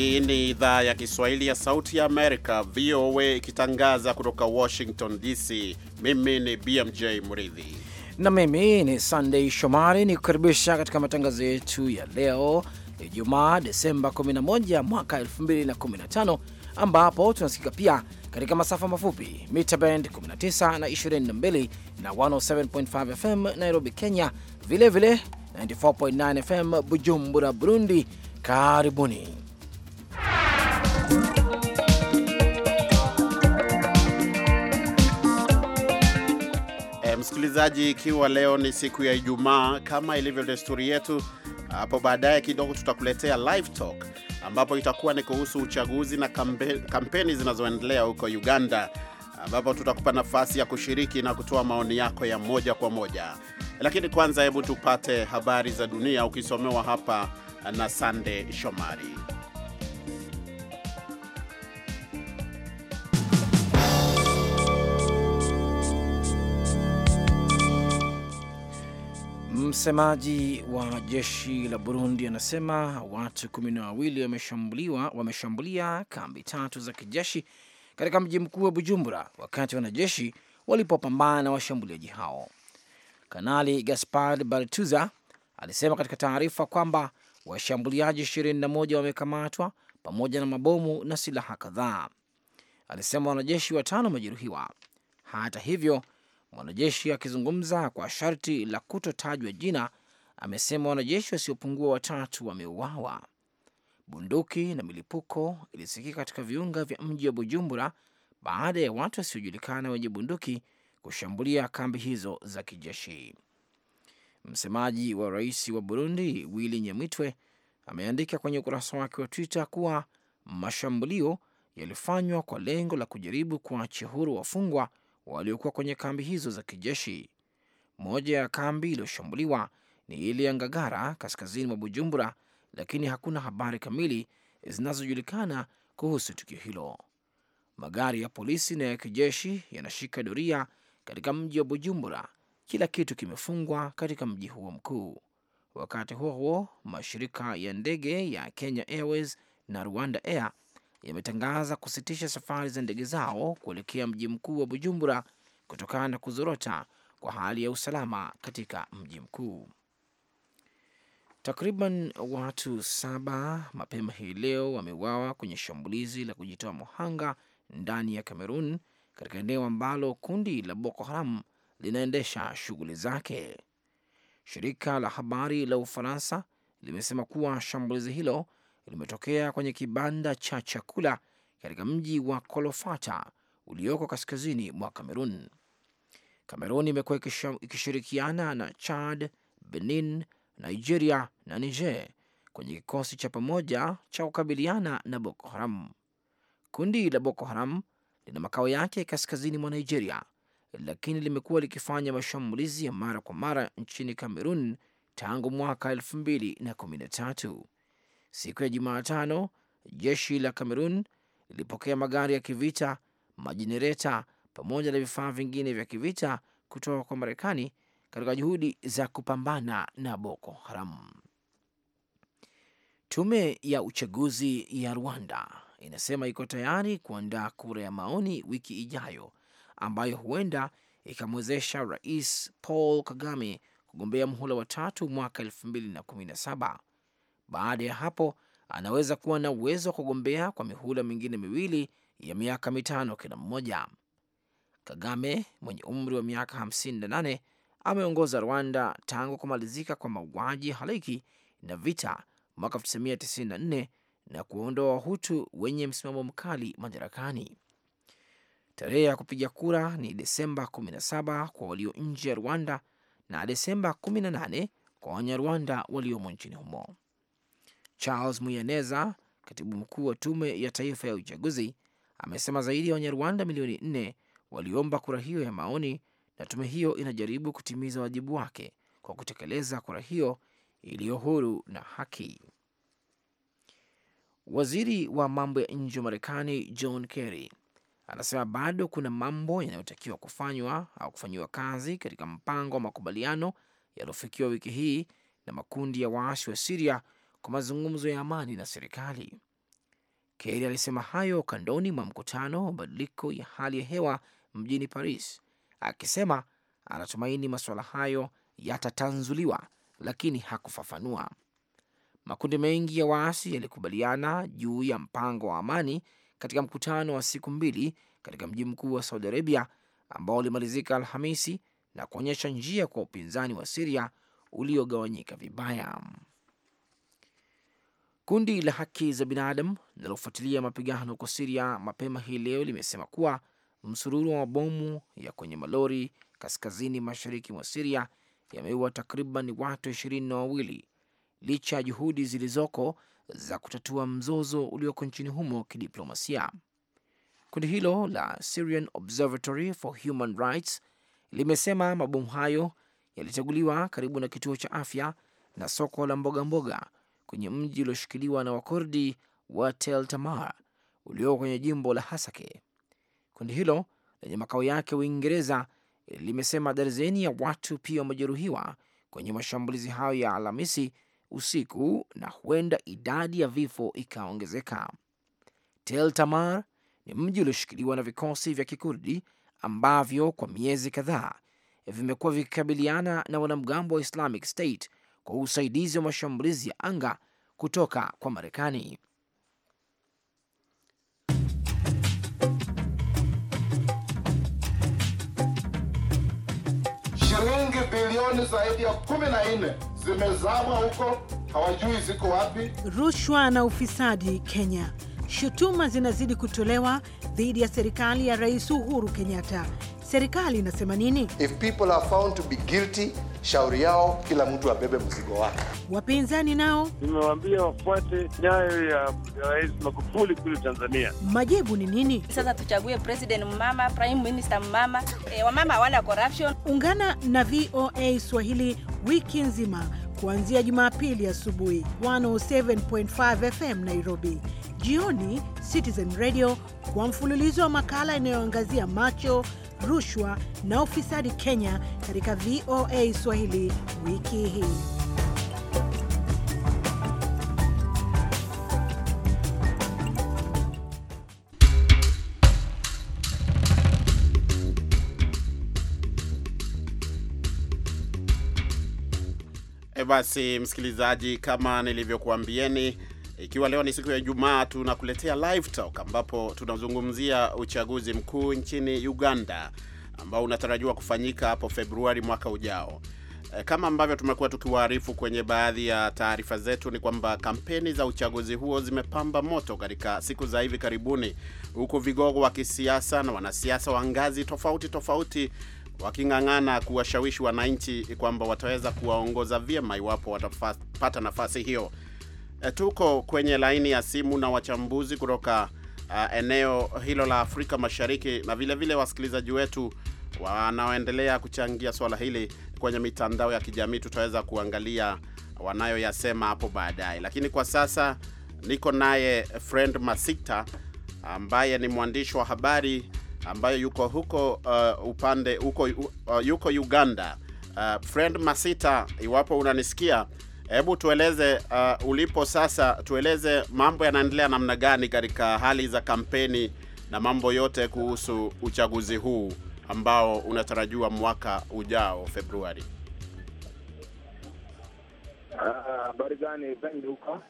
Hii ni idhaa ya Kiswahili ya Sauti ya Amerika, VOA, ikitangaza kutoka Washington DC. Mimi ni BMJ Mridhi na mimi ni Sandei Shomari, ni kukaribisha katika matangazo yetu ya leo Ijumaa Desemba 11 mwaka 2015 ambapo tunasikika pia katika masafa mafupi mita band 19 na 22 na 107.5 FM Nairobi, Kenya, vilevile 94.9 FM Bujumbura, Burundi. Karibuni. Eh, msikilizaji, ikiwa leo ni siku ya Ijumaa, kama ilivyo desturi yetu, hapo baadaye kidogo tutakuletea live talk ambapo itakuwa ni kuhusu uchaguzi na kampe, kampeni zinazoendelea huko Uganda ambapo tutakupa nafasi ya kushiriki na kutoa maoni yako ya moja kwa moja. Lakini kwanza, hebu tupate habari za dunia ukisomewa hapa na Sande Shomari. Msemaji wa jeshi la Burundi anasema watu kumi na wawili wameshambuliwa wameshambulia kambi tatu za kijeshi katika mji mkuu wa Bujumbura wakati wanajeshi walipopambana na washambuliaji hao. Kanali Gaspard Bartuza alisema katika taarifa kwamba washambuliaji 21 wamekamatwa pamoja na mabomu na silaha kadhaa. Alisema wanajeshi watano wamejeruhiwa. Hata hivyo Mwanajeshi akizungumza kwa sharti la kutotajwa jina, amesema wanajeshi wasiopungua watatu wameuawa. Bunduki na milipuko ilisikika katika viunga vya mji wa Bujumbura baada ya watu wasiojulikana wenye bunduki kushambulia kambi hizo za kijeshi. Msemaji wa rais wa Burundi Willy Nyamitwe ameandika kwenye ukurasa wake wa Twitter kuwa mashambulio yalifanywa kwa lengo la kujaribu kuachia huru wafungwa waliokuwa kwenye kambi hizo za kijeshi. Moja ya kambi iliyoshambuliwa ni ile ya Ngagara kaskazini mwa Bujumbura, lakini hakuna habari kamili zinazojulikana kuhusu tukio hilo. Magari ya polisi na ya kijeshi yanashika doria katika mji wa Bujumbura. Kila kitu kimefungwa katika mji huo mkuu. Wakati huo huo, mashirika ya ndege ya Kenya Airways na Rwanda Air imetangaza kusitisha safari za ndege zao kuelekea mji mkuu wa Bujumbura kutokana na kuzorota kwa hali ya usalama katika mji mkuu. Takriban watu saba mapema hii leo wameuawa kwenye shambulizi la kujitoa muhanga ndani ya Kamerun, katika eneo ambalo kundi la Boko Haram linaendesha shughuli zake. Shirika la habari la Ufaransa limesema kuwa shambulizi hilo limetokea kwenye kibanda cha chakula katika mji wa Kolofata ulioko kaskazini mwa Kamerun. Kamerun imekuwa ikishirikiana na Chad, Benin, Nigeria na Niger kwenye kikosi cha pamoja cha kukabiliana na Boko Haram. Kundi la Boko Haram lina makao yake kaskazini mwa Nigeria, lakini limekuwa likifanya mashambulizi ya mara kwa mara nchini Kamerun tangu mwaka elfu mbili na kumi na tatu. Siku ya Jumatano, jeshi la Kamerun lilipokea magari ya kivita, majenereta pamoja na vifaa vingine vya kivita kutoka kwa Marekani katika juhudi za kupambana na Boko Haram. Tume ya uchaguzi ya Rwanda inasema iko tayari kuandaa kura ya maoni wiki ijayo ambayo huenda ikamwezesha Rais Paul Kagame kugombea muhula wa tatu mwaka 2017 baada ya hapo, anaweza kuwa na uwezo wa kugombea kwa mihula mingine miwili ya miaka mitano kila mmoja. Kagame mwenye umri wa miaka 58 ameongoza Rwanda tangu kumalizika kwa mauaji halaiki na vita mwaka 1994 na kuondoa Wahutu wenye msimamo mkali madarakani. Tarehe ya kupiga kura ni Desemba 17 kwa walio nje ya Rwanda na Desemba 18 kwa Wanyarwanda waliomo nchini humo. Charles Muyaneza, katibu mkuu wa Tume ya Taifa ya Uchaguzi, amesema zaidi ya Wanyarwanda milioni nne waliomba kura hiyo ya maoni, na tume hiyo inajaribu kutimiza wajibu wake kwa kutekeleza kura hiyo iliyo huru na haki. Waziri wa mambo ya nje wa Marekani John Kerry anasema bado kuna mambo yanayotakiwa kufanywa au kufanyiwa kazi katika mpango wa makubaliano yaliyofikiwa wiki hii na makundi ya waasi wa Siria kwa mazungumzo ya amani na serikali. Kerry alisema hayo kandoni mwa mkutano wa mabadiliko ya hali ya hewa mjini Paris, akisema anatumaini masuala hayo yatatanzuliwa, lakini hakufafanua. Makundi mengi ya waasi yalikubaliana juu ya mpango wa amani katika mkutano wa siku mbili katika mji mkuu wa Saudi Arabia ambao ulimalizika Alhamisi na kuonyesha njia kwa upinzani wa Siria uliogawanyika vibaya. Kundi la haki za binadamu linalofuatilia mapigano huko Siria mapema hii leo limesema kuwa msururu wa mabomu ya kwenye malori kaskazini mashariki mwa Siria yameua takriban watu ishirini na wawili licha ya juhudi zilizoko za kutatua mzozo ulioko nchini humo kidiplomasia. Kundi hilo la Syrian Observatory for Human Rights limesema mabomu hayo yalichaguliwa karibu na kituo cha afya na soko la mboga mboga kwenye mji ulioshikiliwa na Wakurdi wa Tel Tamar ulioko kwenye jimbo la Hasake. Kundi hilo lenye makao yake Uingereza limesema darzeni ya watu pia wamejeruhiwa kwenye mashambulizi hayo ya Alhamisi usiku na huenda idadi ya vifo ikaongezeka. Tel Tamar ni mji ulioshikiliwa na vikosi vya Kikurdi ambavyo kwa miezi kadhaa vimekuwa vikikabiliana na wanamgambo wa Islamic State kwa usaidizi wa mashambulizi ya anga kutoka kwa Marekani. Shilingi bilioni zaidi ya 14 zimezama huko, hawajui ziko wapi. Rushwa na ufisadi Kenya. Shutuma zinazidi kutolewa dhidi ya serikali ya Rais Uhuru Kenyatta serikali inasema nini? If people are found to be guilty, shauri yao kila mtu abebe mzigo wake. Wapinzani nao nimewaambia wafuate nyayo ya Rais Magufuli kule Tanzania. Majibu ni nini? Sasa tuchague president mama, prime minister mama. E, wamama hawana corruption. Ungana na VOA Swahili wiki nzima kuanzia Jumapili asubuhi 107.5 FM Nairobi, jioni Citizen Radio kwa mfululizo wa makala inayoangazia macho rushwa na ufisadi Kenya katika VOA Swahili wiki hii. Eh, basi msikilizaji, kama nilivyokuambieni ikiwa leo ni siku ya Ijumaa, tunakuletea live talk ambapo tunazungumzia uchaguzi mkuu nchini Uganda ambao unatarajiwa kufanyika hapo Februari mwaka ujao. E, kama ambavyo tumekuwa tukiwaarifu kwenye baadhi ya taarifa zetu, ni kwamba kampeni za uchaguzi huo zimepamba moto katika siku za hivi karibuni, huku vigogo wa kisiasa na wanasiasa wa ngazi tofauti tofauti waking'ang'ana kuwashawishi wananchi kwamba wataweza kuwaongoza vyema iwapo watapata nafasi hiyo. Eh, tuko kwenye laini ya simu na wachambuzi kutoka uh, eneo hilo la Afrika Mashariki na vilevile wasikilizaji wetu wanaoendelea kuchangia swala hili kwenye mitandao ya kijamii. Tutaweza kuangalia wanayoyasema hapo baadaye, lakini kwa sasa niko naye Friend masita ambaye ni mwandishi wa habari ambaye yuko huko uh, upande huko, uh, yuko Uganda. Uh, Friend Masita, iwapo unanisikia Hebu tueleze uh, ulipo sasa, tueleze mambo yanaendelea namna gani katika hali za kampeni na mambo yote kuhusu uchaguzi huu ambao unatarajiwa mwaka ujao Februari. Ah, habari uh, gani bendi huko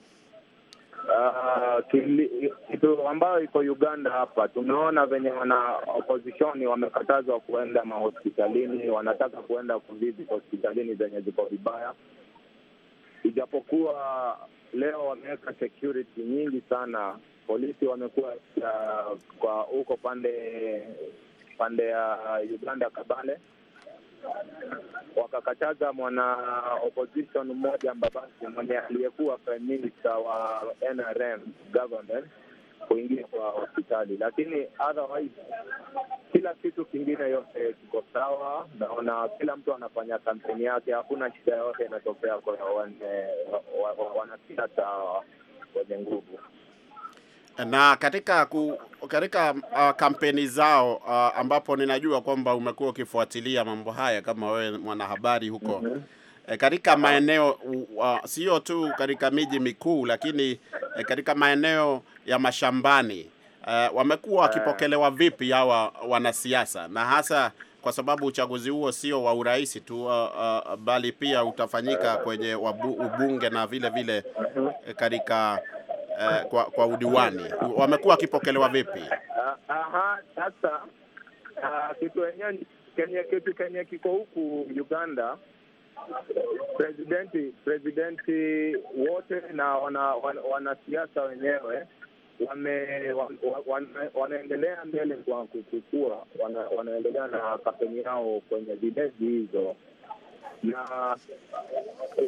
uh, ambayo iko Uganda hapa, tumeona venye wana opozishoni wamekatazwa kuenda mahospitalini, wanataka kuenda kuvizi hospitalini zenye ziko vibaya ijapokuwa leo wameweka security nyingi sana. Polisi wamekuwa uh, kwa huko pande pande ya uh, Uganda Kabale, wakakataza mwana opposition mmoja Mbabasi mwenye aliyekuwa prime minister wa NRM government kuingia kwa hospitali, lakini otherwise kila kitu kingine yote kiko sawa. Naona kila mtu anafanya kampeni yake, hakuna shida yoyote inatokea kwa wanasiasa wenye nguvu na katika ku, katika uh, kampeni zao uh, ambapo ninajua kwamba umekuwa ukifuatilia mambo haya kama wewe mwanahabari huko mm -hmm e, katika maeneo uh, sio tu katika miji mikuu, lakini e, katika maeneo ya mashambani uh, wamekuwa wakipokelewa vipi hawa wanasiasa, na hasa kwa sababu uchaguzi huo sio wa urais tu uh, uh, bali pia utafanyika kwenye wabu, ubunge na vile vile katika uh, kwa, kwa udiwani wamekuwa wakipokelewa vipi? Ah, aha, sasa ah, kitu yenyewe kenye kitu kenye kiko huku Uganda Presidenti presidenti wote na wanasiasa wana, wana wenyewe wame, wana, wana, wanaendelea mbele kwa wanaendelea wana, wanaendelea na kampeni yao kwenye vilezi hizo na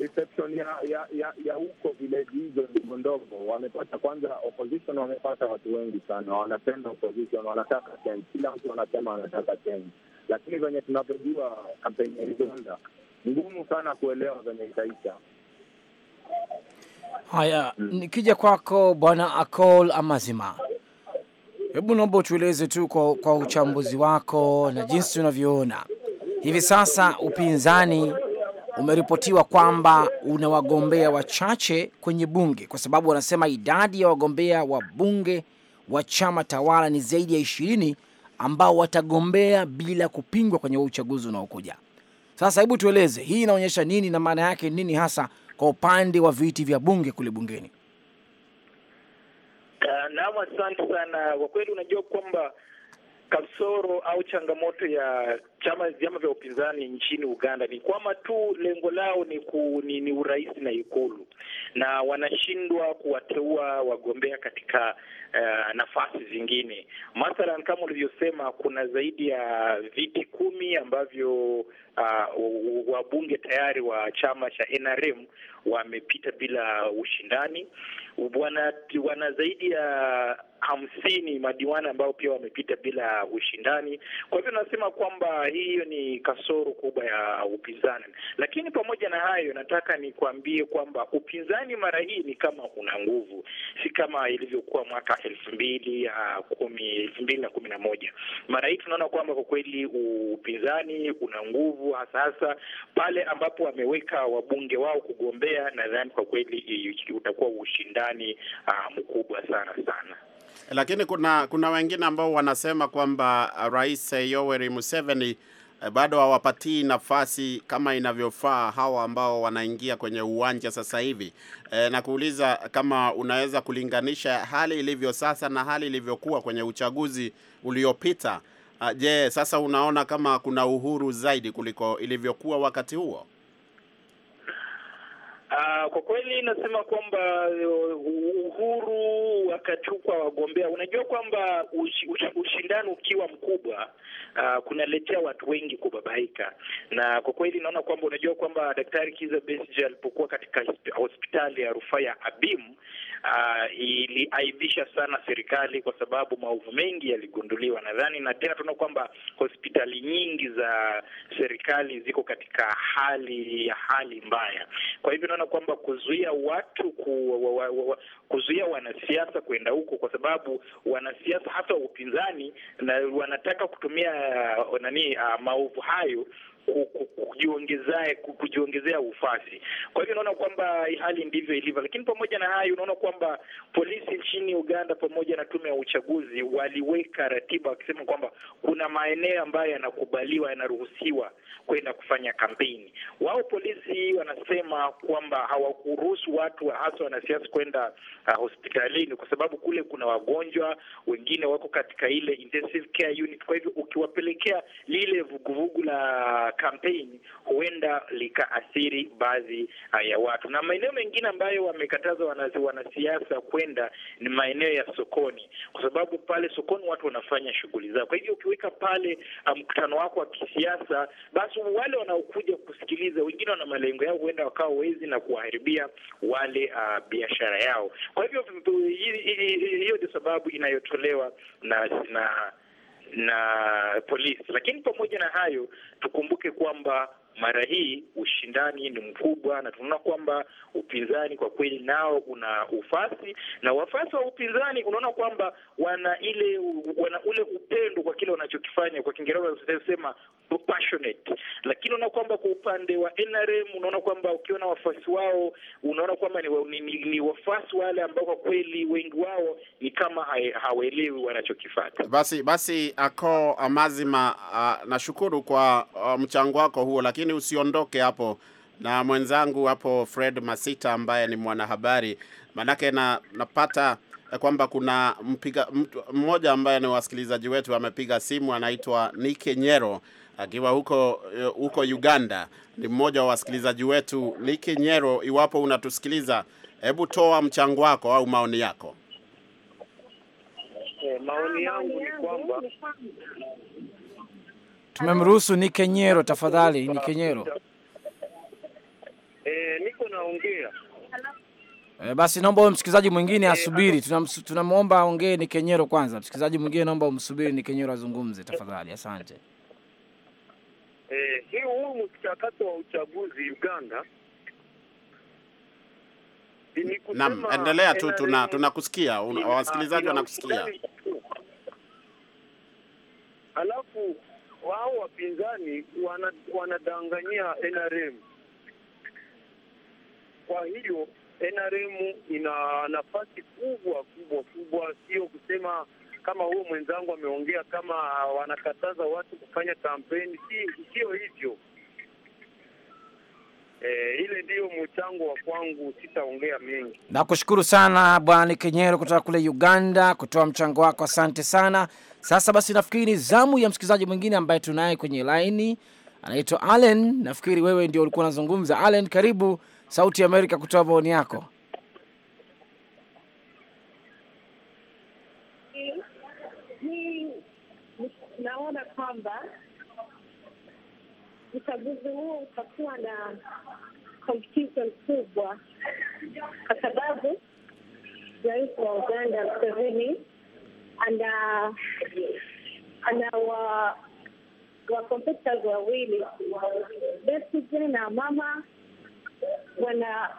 reception ya ya ya, ya huko vilezi hizo ndogo ndogo wamepata. Kwanza opposition wamepata watu wengi sana, wanapenda opposition, wanataka change, kila mtu anasema anataka change, lakini venye tunavyojua kampeni ya Uganda ngumu sana kuelewa venye itaisha. Haya, hmm. Nikija kwako Bwana Akol Amazima, hebu naomba utueleze tu kwa, kwa uchambuzi wako na jinsi unavyoona hivi sasa upinzani umeripotiwa kwamba una wagombea wachache kwenye bunge, kwa sababu wanasema idadi ya wagombea wa bunge wa chama tawala ni zaidi ya ishirini ambao watagombea bila kupingwa kwenye uchaguzi unaokuja. Sasa hebu tueleze hii inaonyesha nini na maana yake nini hasa kwa upande wa viti vya bunge kule bungeni? Uh, naam, asante sana. Kwa kweli, unajua kwamba kasoro au changamoto ya chama vyama vya upinzani nchini Uganda ni kwamba tu lengo lao ni, ku, ni, ni urais na ikulu na wanashindwa kuwateua wagombea katika uh, nafasi zingine. Mathalan, kama ulivyosema, kuna zaidi ya viti kumi ambavyo uh, wabunge tayari wa chama cha NRM wamepita bila ushindani. Wana, wana zaidi ya hamsini madiwani ambao pia wamepita bila ushindani. Kwa hivyo nasema kwamba hiyo ni kasoro kubwa ya upinzani, lakini pamoja na hayo, nataka nikuambie kwamba upinzani mara hii ni kama una nguvu, si kama ilivyokuwa mwaka elfu mbili ah, kumi elfu mbili na kumi na moja. Mara hii tunaona kwamba kwa kweli upinzani una nguvu nguvu, hasa hasa pale ambapo wameweka wabunge wao kugombea. Nadhani kwa kweli eh, utakuwa ushindani uh, mkubwa sana sana lakini kuna kuna wengine ambao wanasema kwamba ah, Rais eh, Yoweri Museveni eh, bado hawapatii nafasi kama inavyofaa hawa ambao wanaingia kwenye uwanja sasa hivi. E, na kuuliza kama unaweza kulinganisha hali ilivyo sasa na hali ilivyokuwa kwenye uchaguzi uliopita. Ah, je, sasa unaona kama kuna uhuru zaidi kuliko ilivyokuwa wakati huo? Uh, kwa kweli nasema kwamba uh, uhuru wakachukwa wagombea. Unajua kwamba ush, ushindani ukiwa mkubwa uh, kunaletea watu wengi kubabaika, na kwa kweli naona kwamba unajua kwamba Daktari Kiza Besigye alipokuwa katika hospitali ya rufaa ya abim uh, ah, iliaibisha sana serikali kwa sababu maovu mengi yaligunduliwa, nadhani na tena tunaona kwamba hospitali nyingi za serikali ziko katika hali ya hali mbaya, kwa hivyo kuona kwamba kuzuia watu ku, wa, wa, wa, kuzuia wanasiasa kwenda huko, kwa sababu wanasiasa hasa upinzani na wanataka kutumia nani ah, maovu hayo kujiongezea kujiongezea ufasi. Kwa hivyo unaona kwamba hali ndivyo ilivyo, lakini pamoja na hayo, unaona kwamba polisi nchini Uganda pamoja na tume ya uchaguzi waliweka ratiba wakisema kwamba kuna maeneo ambayo yanakubaliwa, yanaruhusiwa kwenda kufanya kampeni. Wao polisi wanasema kwamba hawakuruhusu watu hasa wanasiasa kwenda uh, hospitalini kwa sababu kule kuna wagonjwa wengine wako katika ile intensive care unit. Kwa hivyo ukiwapelekea lile vuguvugu la kampeni huenda likaathiri baadhi uh, ya watu. Na maeneo mengine ambayo wamekataza wanasiasa kwenda ni maeneo ya sokoni, kwa sababu pale sokoni watu wanafanya shughuli zao. Kwa hivyo ukiweka pale uh, mkutano um, wako wa kisiasa, basi wale wanaokuja kusikiliza, wengine wana malengo yao, huenda wakawa wezi na kuwaharibia wale uh, biashara yao. Kwa hivyo mm, mm, hiyo ndio sababu inayotolewa na na na polisi. Lakini pamoja na hayo, tukumbuke kwamba mara hii ushindani ni mkubwa, na tunaona kwamba upinzani kwa kweli nao una ufasi, na wafasi wa upinzani unaona kwamba wana ile wana ule upendo kwa kile wanachokifanya, kwa Kiingereza wanasema passionate. Lakini unaona kwamba kwa upande wa NRM unaona kwamba ukiona wafasi wao unaona kwamba ni, ni, ni, ni wafasi wale ambao kwa kweli wengi wao ni kama hawaelewi wanachokifanya Basi basi ako amazima, uh, nashukuru kwa uh, mchango wako huo, lakini lakini usiondoke hapo na mwenzangu hapo Fred Masita ambaye ni mwanahabari, manake na, napata kwamba kuna mpiga mmoja ambaye ni wasikilizaji wetu amepiga simu, anaitwa Nike Nyero akiwa huko huko Uganda. Ni mmoja wa wasikilizaji wetu. Nike Nyero, iwapo unatusikiliza, hebu toa mchango wako au maoni yako. E, maoni yangu ni kwamba Tumemruhusu Nike Nyero, tafadhali Nike Nyero. E, eh, niko naongea. E, basi naomba msikilizaji mwingine eh, asubiri. Tunamwomba tuna aongee Nike Nyero kwanza. Msikilizaji mwingine naomba umsubiri Nike Nyero azungumze tafadhali. Asante. Eh, hii huu mchakato wa uchaguzi Uganda Naam, endelea tu, tuna tunakusikia, wasikilizaji wanakusikia. Alafu wao wapinzani wanadanganyia NRM. Kwa hiyo NRM ina nafasi kubwa kubwa kubwa, sio kusema kama huyo mwenzangu ameongea kama wanakataza watu kufanya kampeni, sio hivyo. Eh, ile ndiyo mchango wa kwangu, sitaongea mengi. Nakushukuru sana Bwana Kenyero kutoka kule Uganda kutoa mchango wako, asante sana. Sasa basi, nafikiri ni zamu ya msikilizaji mwingine ambaye tunaye kwenye laini, anaitwa Allen. Nafikiri wewe ndio ulikuwa unazungumza. Allen, karibu Sauti ya Amerika kutoa maoni yako. Naona kwamba uchaguzi huo utakuwa na competition kubwa, kwa sababu rais wa Uganda Museveni ana ana wa wa competitors wawili Besigye na Mama wana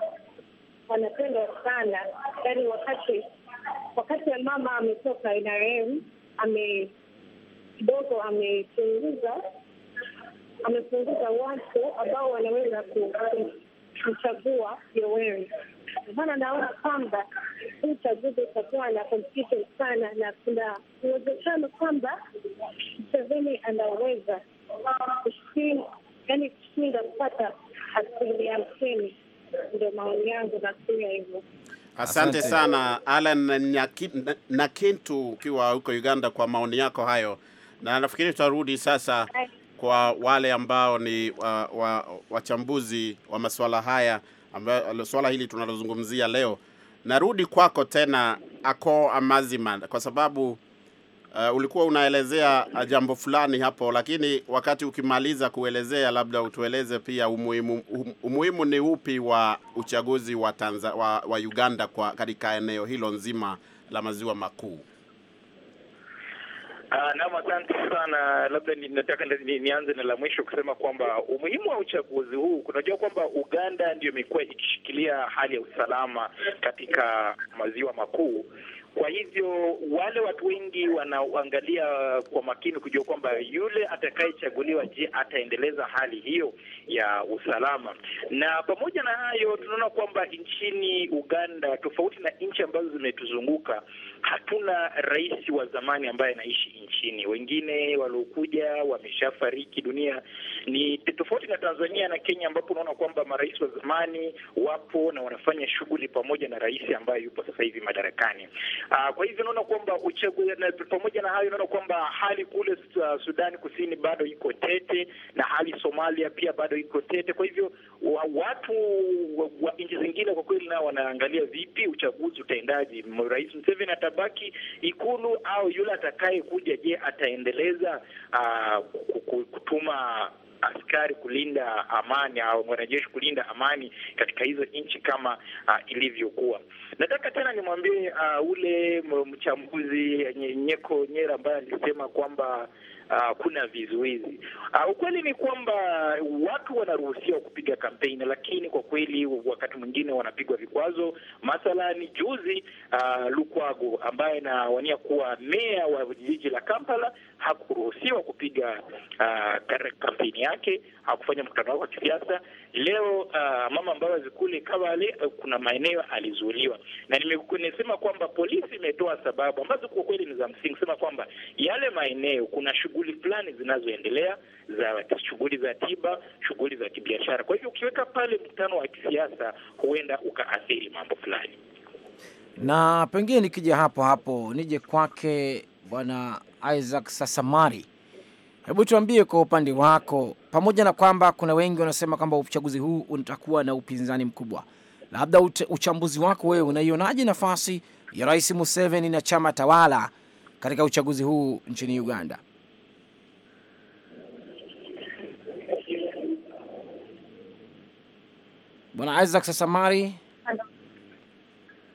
wanapendwa sana, yani wakati wakati ya Mama ametoka NRM ame kidogo amepunguza amepunguza watu ambao wanaweza kumchagua Yoweri maana naona kwamba huu uchaguzi utakuwa na competition sana, na kuna uwezekano kwamba mseveni anaweza yani kushinda kupata asilimia hamsini. Ndio maoni yangu, nafikiria hivyo. Asante sana Alan Nakintu ukiwa huko Uganda kwa maoni yako hayo, na nafikiri tutarudi sasa kwa wale ambao ni wachambuzi wa, wa, wa masuala haya ambayo swala hili tunalozungumzia leo, narudi kwako tena Ako Amazima, kwa sababu uh, ulikuwa unaelezea eh, jambo fulani hapo, lakini wakati ukimaliza kuelezea, labda utueleze pia umuhimu, um, umuhimu ni upi wa uchaguzi wa, Tanzania, wa, wa Uganda kwa katika eneo hilo nzima la maziwa makuu. Ah, naam, asante sana. Labda ninataka nianze na la mwisho kusema kwamba umuhimu wa uchaguzi huu, kunajua kwamba Uganda ndio imekuwa ikishikilia hali ya usalama katika maziwa makuu kwa hivyo wale watu wengi wanaangalia kwa makini kujua kwamba yule atakayechaguliwa, je, ataendeleza hali hiyo ya usalama? Na pamoja na hayo, tunaona kwamba nchini Uganda, tofauti na nchi ambazo zimetuzunguka, hatuna rais wa zamani ambaye anaishi nchini. Wengine waliokuja wameshafariki dunia. Ni tofauti na Tanzania na Kenya, ambapo unaona kwamba marais wa zamani wapo na wanafanya shughuli pamoja na rais ambaye yupo sasa hivi madarakani. Uh, kwa hivyo naona kwamba pamoja na hayo naona kwamba hali kule uh, Sudani Kusini bado iko tete na hali Somalia pia bado iko tete. Kwa hivyo wa, watu wa, wa nchi zingine kwa kweli nao wanaangalia vipi uchaguzi utaendaje. Rais Museveni atabaki ikulu au yule atakaye kuja je, ataendeleza uh, kutuma askari kulinda amani au wanajeshi kulinda amani katika hizo nchi kama uh, ilivyokuwa. Nataka tena nimwambie uh, ule mchambuzi Nyeko Nyera ambaye alisema kwamba Uh, kuna vizuizi uh, ukweli ni kwamba watu wanaruhusiwa kupiga kampeni, lakini kwa kweli wakati mwingine wanapigwa vikwazo. Mathalani juzi, uh, Lukwago ambaye anawania kuwa meya wa jiji la Kampala hakuruhusiwa kupiga uh, kampeni yake, hakufanya mkutano wake wa kisiasa leo. Uh, mama ambayo azikule ikawa ale, uh, eh, kuna maeneo alizuiliwa, na nimesema kwamba polisi imetoa sababu ambazo kwa kweli ni za msingi, sema kwamba yale maeneo kuna shughuli fulani zinazoendelea za shughuli za tiba, shughuli za kibiashara. Kwa hivyo ukiweka pale mkutano wa kisiasa, huenda ukaathiri mambo fulani. Na pengine nikija hapo hapo nije kwake Bwana Isaac Sasamari, hebu tuambie kwa upande wako, pamoja na kwamba kuna wengi wanasema kwamba uchaguzi huu utakuwa na upinzani mkubwa, labda uchambuzi wako wewe, unaionaje nafasi ya Rais Museveni na chama tawala katika uchaguzi huu nchini Uganda? Bwana Isaac Sasamari,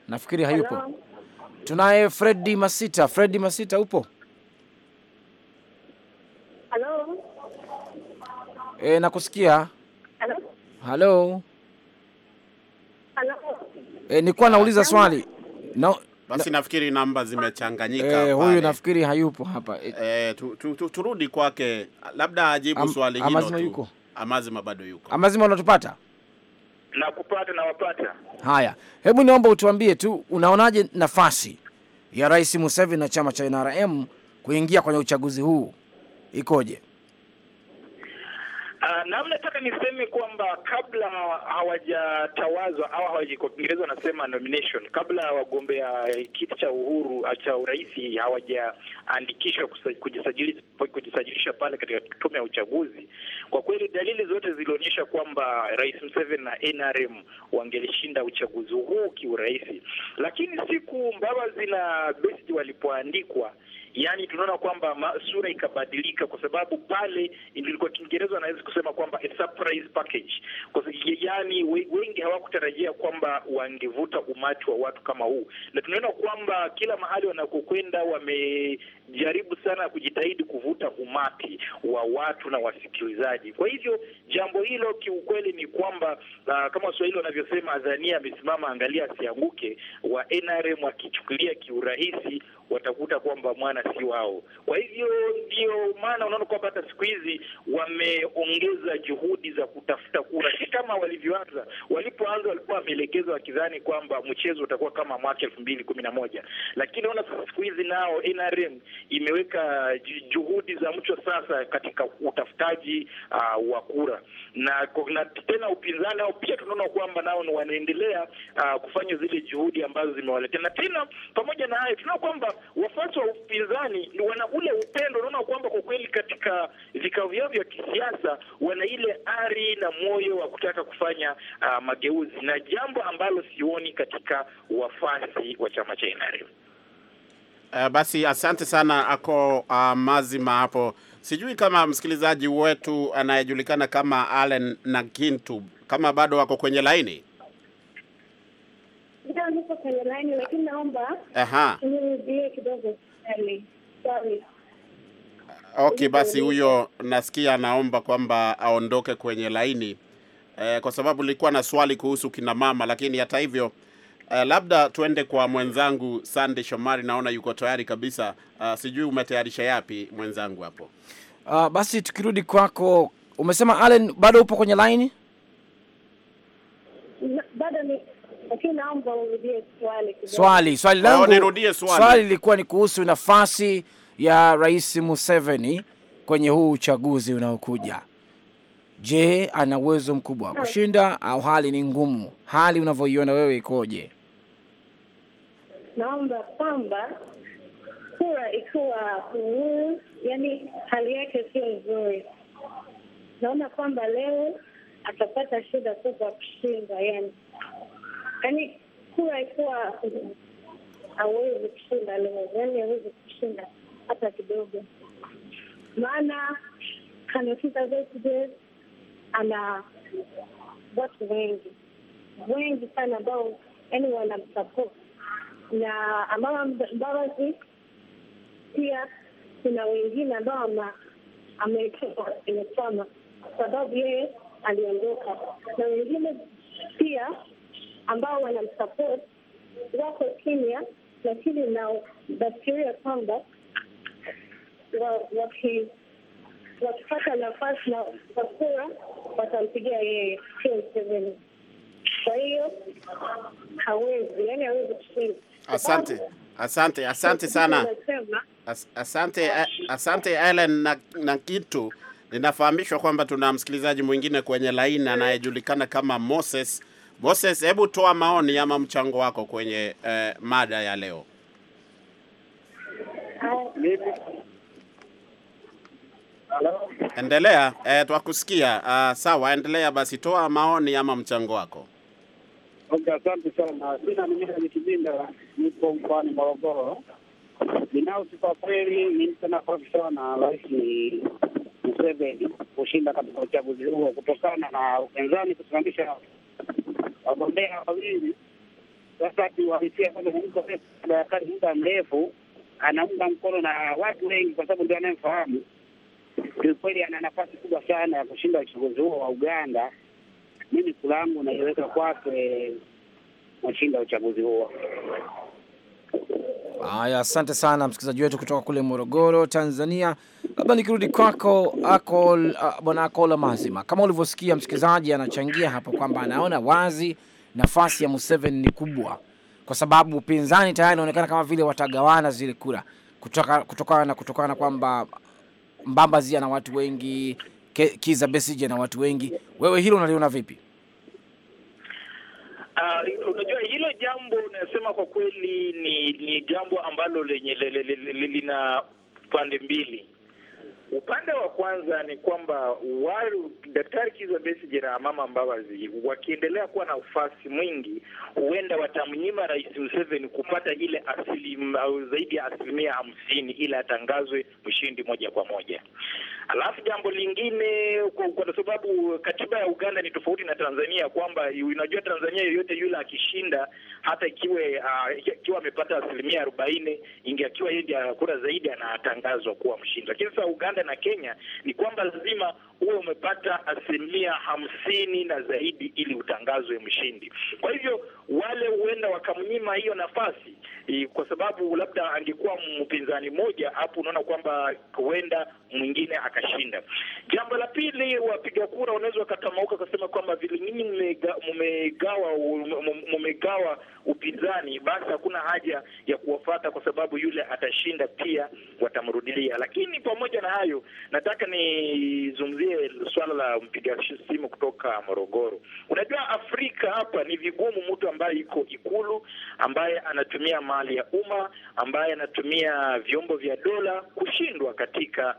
nafikiri hayupo. Hello. Tunaye Fredi Masita. Fredi Masita, upo? Halo. E, eh, nakusikia. Halo. Halo. E, eh, nilikuwa nauliza swali no. Basi nafikiri namba zimechanganyika. Eh, huyu nafikiri hayupo hapa. Eh, eh, tu, tu, tu, turudi kwake labda ajibu Am, swali hilo. Amazima yuko. Amazima bado yuko. Amazima unatupata? na kupata na wapata. Haya, hebu niomba utuambie tu, unaonaje nafasi ya Rais Museveni na chama cha NRM kuingia kwenye uchaguzi huu ikoje? Uh, ah, namna nataka niseme kwamba kabla hawajatawazwa au hawajaingereza wanasema nomination, kabla wagombea eh, kiti cha uhuru ah, cha urais hawajaandikishwa kujisajilisha, kujisajilisha pale katika tume ya uchaguzi, kwa kweli dalili zote zilionyesha kwamba Rais Museveni na NRM wangelishinda uchaguzi huu kiurahisi, lakini siku Mbabazi na Besigye walipoandikwa yani tunaona kwamba sura ikabadilika, kwa sababu pale ilikuwa Kiingereza anaweza kusema kwamba a surprise package. Kwa sababu yaani wengi hawakutarajia kwamba wangevuta umati wa watu kama huu, na tunaona kwamba kila mahali wanakokwenda wame jaribu sana kujitahidi kuvuta umati wa watu na wasikilizaji. Kwa hivyo jambo hilo kiukweli ni kwamba uh, kama Waswahili wanavyosema adhania amesimama, angalia asianguke. Wa NRM wakichukulia kiurahisi, watakuta kwamba mwana si wao. Kwa hivyo ndio maana unaona kwamba hata siku hizi wameongeza juhudi za kutafuta kura, si kama walivyoanza. Walipoanza walikuwa wameelekezwa wakidhani kwamba mchezo utakuwa kama mwaka elfu mbili kumi na moja, lakini unaona siku hizi nao NRM imeweka juhudi za mchwa sasa katika utafutaji uh, wa kura na, na tena upinzani au pia tunaona kwamba nao ni wanaendelea uh, kufanya zile juhudi ambazo zimewaletea, na tena pamoja na hayo tunaona kwamba wafuasi wa upinzani wana ule upendo, unaona kwamba kwa kweli katika vikao vyao vya kisiasa wana ile ari na moyo wa kutaka kufanya uh, mageuzi na jambo ambalo sioni katika wafuasi wa chama cha NRM. Uh, basi asante sana ako uh, mazima hapo. Sijui kama msikilizaji wetu anayejulikana kama Allen na Kintu kama bado wako kwenye laini. Ndio, niko kwenye laini lakini naomba aha, kidogo. Okay, basi huyo nasikia anaomba kwamba aondoke kwenye laini eh, kwa sababu nilikuwa na swali kuhusu kina mama, lakini hata hivyo Uh, labda tuende kwa mwenzangu Sande Shomari, naona yuko tayari kabisa. Uh, sijui umetayarisha yapi mwenzangu hapo. Uh, basi tukirudi kwako, umesema Allen bado upo kwenye line? swali Swali, swali langu. Nirudie swali. Swali lilikuwa ni kuhusu nafasi ya Rais Museveni kwenye huu uchaguzi unaokuja. Je, ana uwezo mkubwa wa kushinda au hali ni ngumu? Hali unavyoiona wewe ikoje? naomba kwamba kura ikiwa kunguu, yani hali yake sio nzuri, naona kwamba leo atapata shida kubwa kushinda, yani yani kura ikiwa hawezi kushinda leo, yani hawezi kushinda hata kidogo, maana kanisa zote ana watu wengi wengi sana ambao yani wanamsapoti na ambao Mbabazi pia kuna wengine ambao ametoka kwenye chama kwa sababu yeye aliondoka, na wengine pia ambao wanamsupport wako kimya, lakini na nafikiria kwamba wakipata nafasi na wakura watampigia yeye, sio Mseveni. Kwa hiyo hawezi, yani hawezi kushinda Asante, asante, asante sana, asante, eh, asante Ellen. Na, na kitu ninafahamishwa kwamba tuna msikilizaji mwingine kwenye laini anayejulikana kama Moses. Moses, hebu toa maoni ama mchango wako kwenye eh, mada ya leo. Endelea eh, twakusikia. Ah, sawa, endelea basi, toa maoni ama mchango wako. Okay, asante sana. Jina mwenyewe ni Kibinda, nipo mkoani Morogoro. Binafsi kwa kweli ni nafasi sana Rais Museveni kushinda katika uchaguzi huo kutokana na upinzani kusimamisha wagombea wawili. Sasa akiuhalisia kwamba mko madarakani muda mrefu, anaunga mkono na watu wengi, kwa sababu ndio anayemfahamu kiukweli. Ana nafasi kubwa sana ya kushinda uchaguzi huo wa Uganda mimi kulangu naiweka kwake mshinda uchaguzi huo. Haya, asante sana msikilizaji wetu kutoka kule Morogoro, Tanzania. Labda nikirudi kwako Akol, uh, bwana Akola Mazima, kama ulivyosikia msikilizaji anachangia hapo kwamba anaona wazi nafasi ya Museveni ni kubwa, kwa sababu upinzani tayari inaonekana kama vile watagawana zile kura kutokana na kutokana kwamba Mbambazi ana watu wengi, Kiza Besije na watu wengi. Wewe hilo unaliona vipi? Uh, hilo jambo unasema kwa kweli ni, ni jambo ambalo lenye lina pande mbili. Upande wa kwanza ni kwamba Daktari Kiza Besigye na Mama Mbabazi wakiendelea kuwa na ufasi mwingi, huenda watamnyima Rais Museveni kupata ile asilimia zaidi ya asilimia hamsini ili atangazwe mshindi moja kwa moja. Alafu jambo lingine kwa, sababu katiba ya Uganda ni tofauti na Tanzania, kwamba unajua Tanzania yoyote yule akishinda hata ikiwe ah, ikiwa amepata asilimia arobaini ingi akiwa yeye ndiye kura zaidi anatangazwa kuwa mshindi, lakini sasa Uganda na Kenya ni kwamba lazima uwe umepata asilimia hamsini na zaidi ili utangazwe mshindi. Kwa hivyo wale huenda wakamnyima hiyo nafasi e, kwa sababu labda angekuwa mpinzani mmoja hapo, unaona kwamba huenda mwingine akashinda. Jambo la pili, wapiga kura wanaweza wakatamauka, akasema kwamba vile nyinyi mmegawa mmegawa upinzani, basi hakuna haja ya kuwafata kwa sababu yule atashinda, pia watamrudilia. Lakini pamoja na hayo, nataka nizungumzie swala la mpiga simu kutoka Morogoro. Unajua, Afrika hapa ni vigumu mtu ambaye iko Ikulu, ambaye anatumia mali ya umma, ambaye anatumia vyombo vya dola kushindwa katika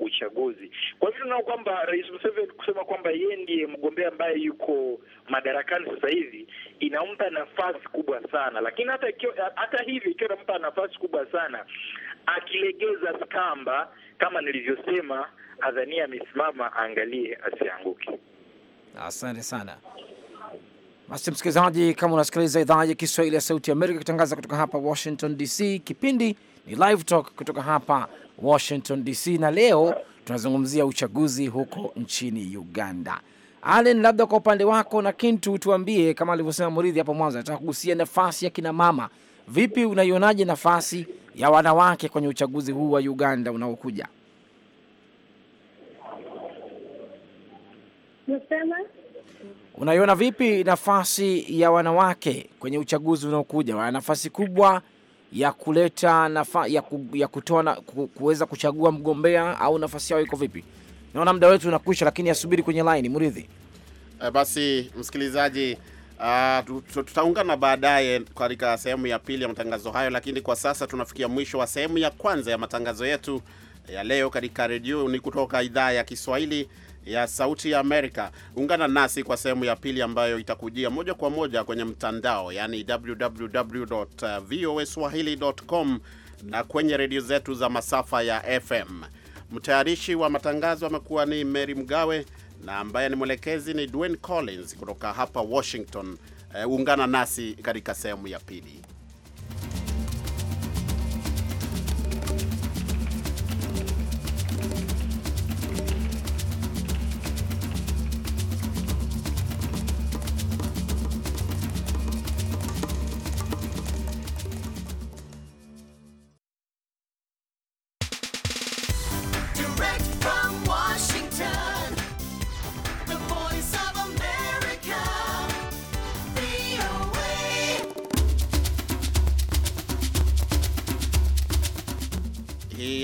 uh, uchaguzi. Kwa hivyo tunaona kwamba Rais Museveni kusema kwamba yeye ndiye mgombea ambaye yuko madarakani sasa hivi inampa nafasi kubwa kubwa sana, lakini hata hata hivi ikiwa nampa nafasi kubwa sana akilegeza skamba kama nilivyosema, adhania amesimama, aangalie asianguke. Asante sana. Basi msikilizaji, kama unasikiliza idhaa ya Kiswahili ya Sauti ya Amerika ikitangaza kutoka hapa Washington DC, kipindi ni Live Talk kutoka hapa Washington DC, na leo tunazungumzia uchaguzi huko nchini Uganda. Allen, labda kwa upande wako na Kintu, tuambie kama alivyosema Muridhi hapo mwanzo, nataka kugusia nafasi ya kina mama. Vipi unaionaje nafasi ya wanawake kwenye uchaguzi huu wa Uganda unaokuja? Unaiona vipi nafasi ya wanawake kwenye uchaguzi unaokuja? Wana nafasi kubwa ya kuleta nafa, ya, ku, ya kutoa kuweza kuchagua mgombea au nafasi yao iko vipi? Naona muda wetu unakwisha, lakini asubiri kwenye line Mridhi. E, eh, basi msikilizaji, uh, tutaungana baadaye katika sehemu ya pili ya matangazo hayo, lakini kwa sasa tunafikia mwisho wa sehemu ya kwanza ya matangazo yetu ya leo katika redio ni kutoka idhaa ya Kiswahili ya Sauti ya Amerika. Ungana nasi kwa sehemu ya pili ambayo itakujia moja kwa moja kwenye mtandao, yani www.voaswahili.com eh, na kwenye redio zetu za masafa ya FM. Mtayarishi wa matangazo amekuwa ni Mary Mgawe na ambaye ni mwelekezi ni Dwayne Collins kutoka hapa Washington. Uh, ungana nasi katika sehemu ya pili.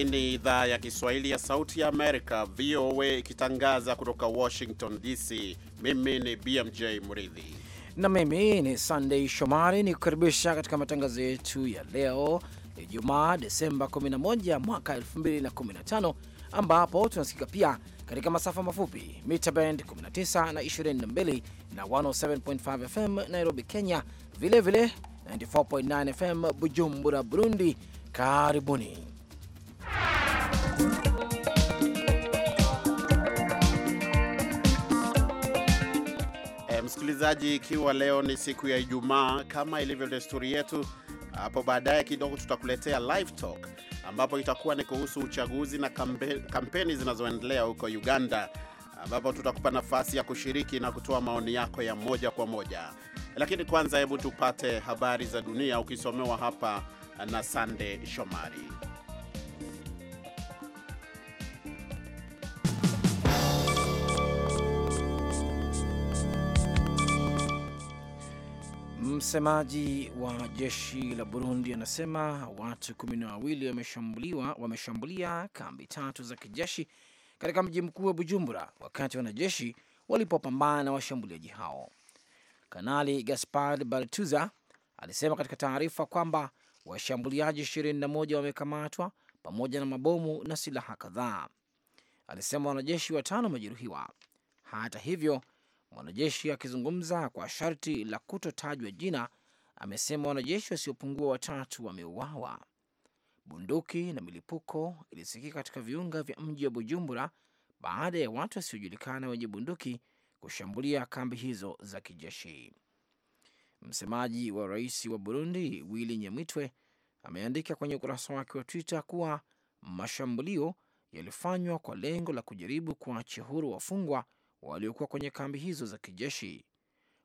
Hii ni idhaa ya Kiswahili ya Sauti ya Amerika, VOA, ikitangaza kutoka Washington DC. Mimi ni BMJ Mridhi na mimi ni Sandei Shomari, ni kukaribisha katika matangazo yetu ya leo Ijumaa, Desemba 11 mwaka 2015, ambapo tunasikika pia katika masafa mafupi mita band 19 na 22 na 107.5 FM Nairobi, Kenya, vilevile 94.9 FM Bujumbura, Burundi. Karibuni. Msikilizaji, ikiwa leo ni siku ya Ijumaa, kama ilivyo desturi yetu, hapo baadaye kidogo tutakuletea live talk, ambapo itakuwa ni kuhusu uchaguzi na kampe, kampeni zinazoendelea huko Uganda, ambapo tutakupa nafasi ya kushiriki na kutoa maoni yako ya moja kwa moja. Lakini kwanza, hebu tupate habari za dunia ukisomewa hapa na Sande Shomari. Msemaji wa jeshi la Burundi anasema watu kumi na wawili wameshambuliwa wameshambulia kambi tatu za kijeshi katika mji mkuu wa Bujumbura wakati wanajeshi walipopambana na washambuliaji hao. Kanali Gaspard Bartuza alisema katika taarifa kwamba washambuliaji 21 wamekamatwa pamoja na mabomu na silaha kadhaa. Alisema wanajeshi watano wamejeruhiwa. Hata hivyo, Mwanajeshi akizungumza kwa sharti la kutotajwa jina, amesema wanajeshi wasiopungua watatu wameuawa. Bunduki na milipuko ilisikika katika viunga vya mji wa Bujumbura baada ya watu wasiojulikana wenye bunduki kushambulia kambi hizo za kijeshi. Msemaji wa rais wa Burundi Willy Nyamitwe ameandika kwenye ukurasa wake wa Twitter kuwa mashambulio yalifanywa kwa lengo la kujaribu kuachia huru wafungwa waliokuwa kwenye kambi hizo za kijeshi.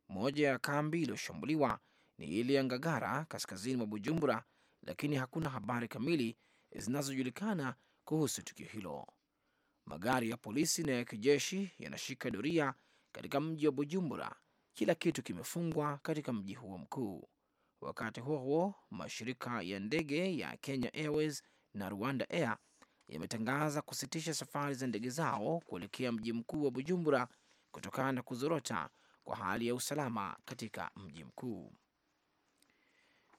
Moja ya kambi iliyoshambuliwa ni ile ya Ngagara kaskazini mwa Bujumbura, lakini hakuna habari kamili zinazojulikana kuhusu tukio hilo. Magari ya polisi na ya kijeshi yanashika doria katika mji wa Bujumbura. Kila kitu kimefungwa katika mji huo mkuu. Wakati huo huo, mashirika ya ndege ya Kenya Airways na Rwanda Air imetangaza kusitisha safari za ndege zao kuelekea mji mkuu wa Bujumbura kutokana na kuzorota kwa hali ya usalama katika mji mkuu.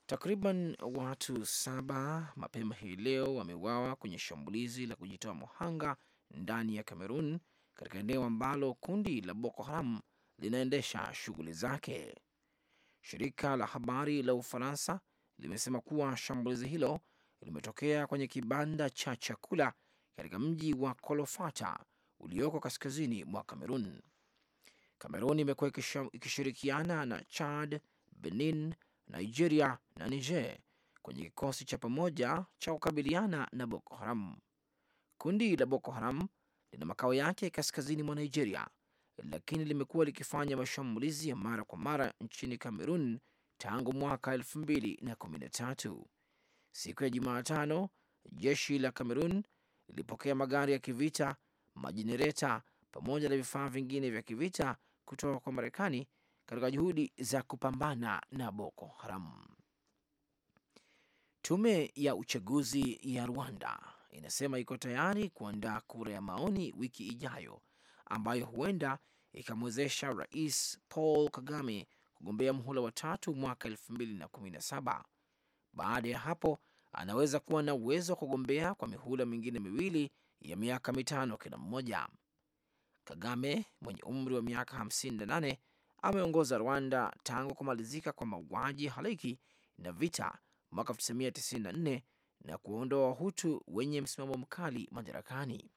Takriban watu saba mapema hii leo wameuawa kwenye shambulizi la kujitoa muhanga ndani ya Kamerun, katika eneo ambalo kundi la Boko Haram linaendesha shughuli zake. Shirika la habari la Ufaransa limesema kuwa shambulizi hilo limetokea kwenye kibanda cha chakula katika mji wa Kolofata ulioko kaskazini mwa Kamerun. Kamerun imekuwa ikishirikiana na Chad, Benin, Nigeria na Niger kwenye kikosi cha pamoja cha kukabiliana na Boko Haram. Kundi la Boko Haram lina makao yake kaskazini mwa Nigeria, lakini limekuwa likifanya mashambulizi ya mara kwa mara nchini Kamerun tangu mwaka elfu mbili na kumi na tatu. Siku ya Jumatano, jeshi la Kamerun lilipokea magari ya kivita, majenereta pamoja na vifaa vingine vya kivita kutoka kwa Marekani katika juhudi za kupambana na Boko Haram. Tume ya uchaguzi ya Rwanda inasema iko tayari kuandaa kura ya maoni wiki ijayo ambayo huenda ikamwezesha Rais Paul Kagame kugombea muhula wa tatu mwaka elfu mbili na kumi na saba. Baada ya hapo anaweza kuwa na uwezo wa kugombea kwa mihula mingine miwili ya miaka mitano kila mmoja. Kagame mwenye umri wa miaka 58 ameongoza Rwanda tangu kumalizika kwa mauaji halaiki na vita mwaka 1994 na kuondoa Wahutu wenye msimamo mkali madarakani.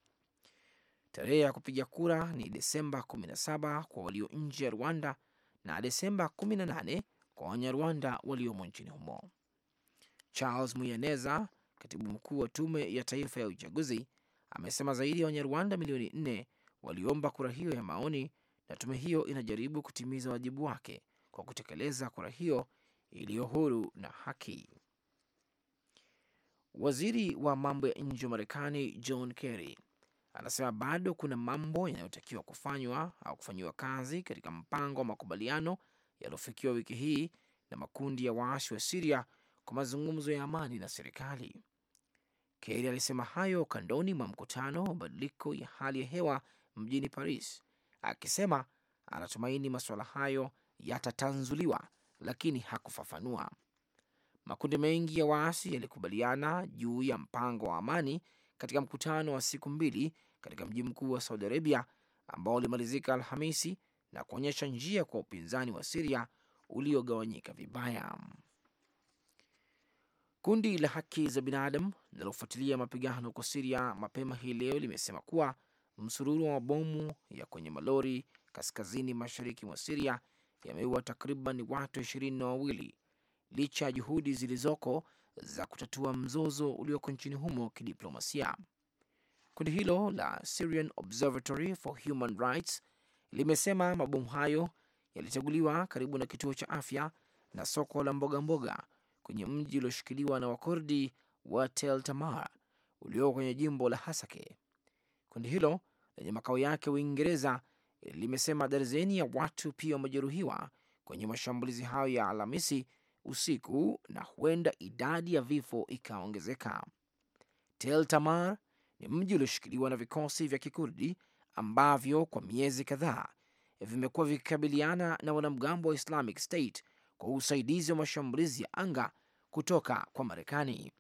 Tarehe ya kupiga kura ni Desemba 17 kwa walio nje ya Rwanda na Desemba 18 kwa Wanyarwanda waliomo nchini humo. Charles Muyaneza, katibu mkuu wa Tume ya Taifa ya Uchaguzi, amesema zaidi ya Wanyarwanda milioni nne waliomba kura hiyo ya maoni, na tume hiyo inajaribu kutimiza wajibu wake kwa kutekeleza kura hiyo iliyo huru na haki. Waziri wa mambo ya nje wa Marekani John Kerry anasema bado kuna mambo yanayotakiwa kufanywa au kufanyiwa kazi katika mpango wa makubaliano yaliyofikiwa wiki hii na makundi ya waasi wa Siria kwa mazungumzo ya amani na serikali. Kerry alisema hayo kandoni mwa mkutano wa mabadiliko ya hali ya hewa mjini Paris, akisema anatumaini masuala hayo yatatanzuliwa, lakini hakufafanua. Makundi mengi ya waasi yalikubaliana juu ya mpango wa amani katika mkutano wa siku mbili katika mji mkuu wa Saudi Arabia ambao ulimalizika Alhamisi na kuonyesha njia kwa upinzani wa Siria uliogawanyika vibaya. Kundi la haki za binadamu linalofuatilia mapigano huko Siria mapema hii leo limesema kuwa msururu wa mabomu ya kwenye malori kaskazini mashariki mwa Siria yameua takriban watu ishirini na wawili licha ya juhudi zilizoko za kutatua mzozo ulioko nchini humo kidiplomasia. Kundi hilo la Syrian Observatory for Human Rights limesema mabomu hayo yalichaguliwa karibu na kituo cha afya na soko la mboga mboga kwenye mji ulioshikiliwa na Wakurdi wa Tel Tamar ulioko kwenye jimbo la Hasake. Kundi hilo lenye makao yake Uingereza limesema darzeni ya watu pia wamejeruhiwa kwenye mashambulizi hayo ya Alhamisi usiku na huenda idadi ya vifo ikaongezeka. Tel Tamar ni mji ulioshikiliwa na vikosi vya Kikurdi ambavyo kwa miezi kadhaa vimekuwa vikikabiliana na wanamgambo wa Islamic State kwa usaidizi wa mashambulizi ya anga kutoka kwa Marekani.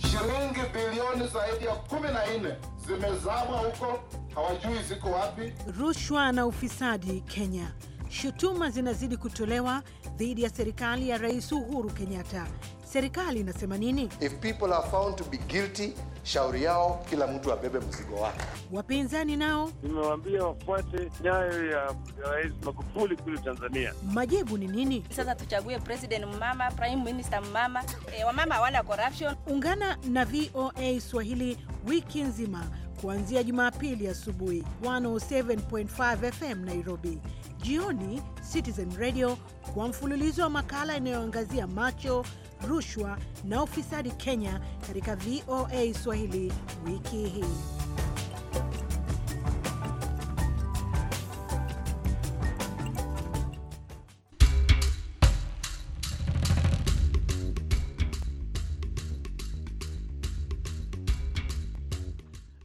Shilingi bilioni zaidi ya 14 zimezama huko, hawajui ziko wapi. Rushwa na ufisadi Kenya. Shutuma zinazidi kutolewa dhidi ya serikali ya Rais Uhuru Kenyatta. Serikali inasema nini? If people are found to be guilty shauri yao, kila mtu abebe mzigo wake. Wapinzani nao nimewaambia wafuate nyayo ya Rais Magufuli kule Tanzania. Majibu ni nini? Sasa tuchague president mmama, prime minister mmama. E, wamama hawana corruption. Ungana na VOA Swahili wiki nzima kuanzia Jumapili asubuhi 107.5 FM Nairobi, jioni Citizen Radio kwa mfululizo wa makala inayoangazia macho rushwa na ufisadi Kenya katika VOA Swahili wiki hii.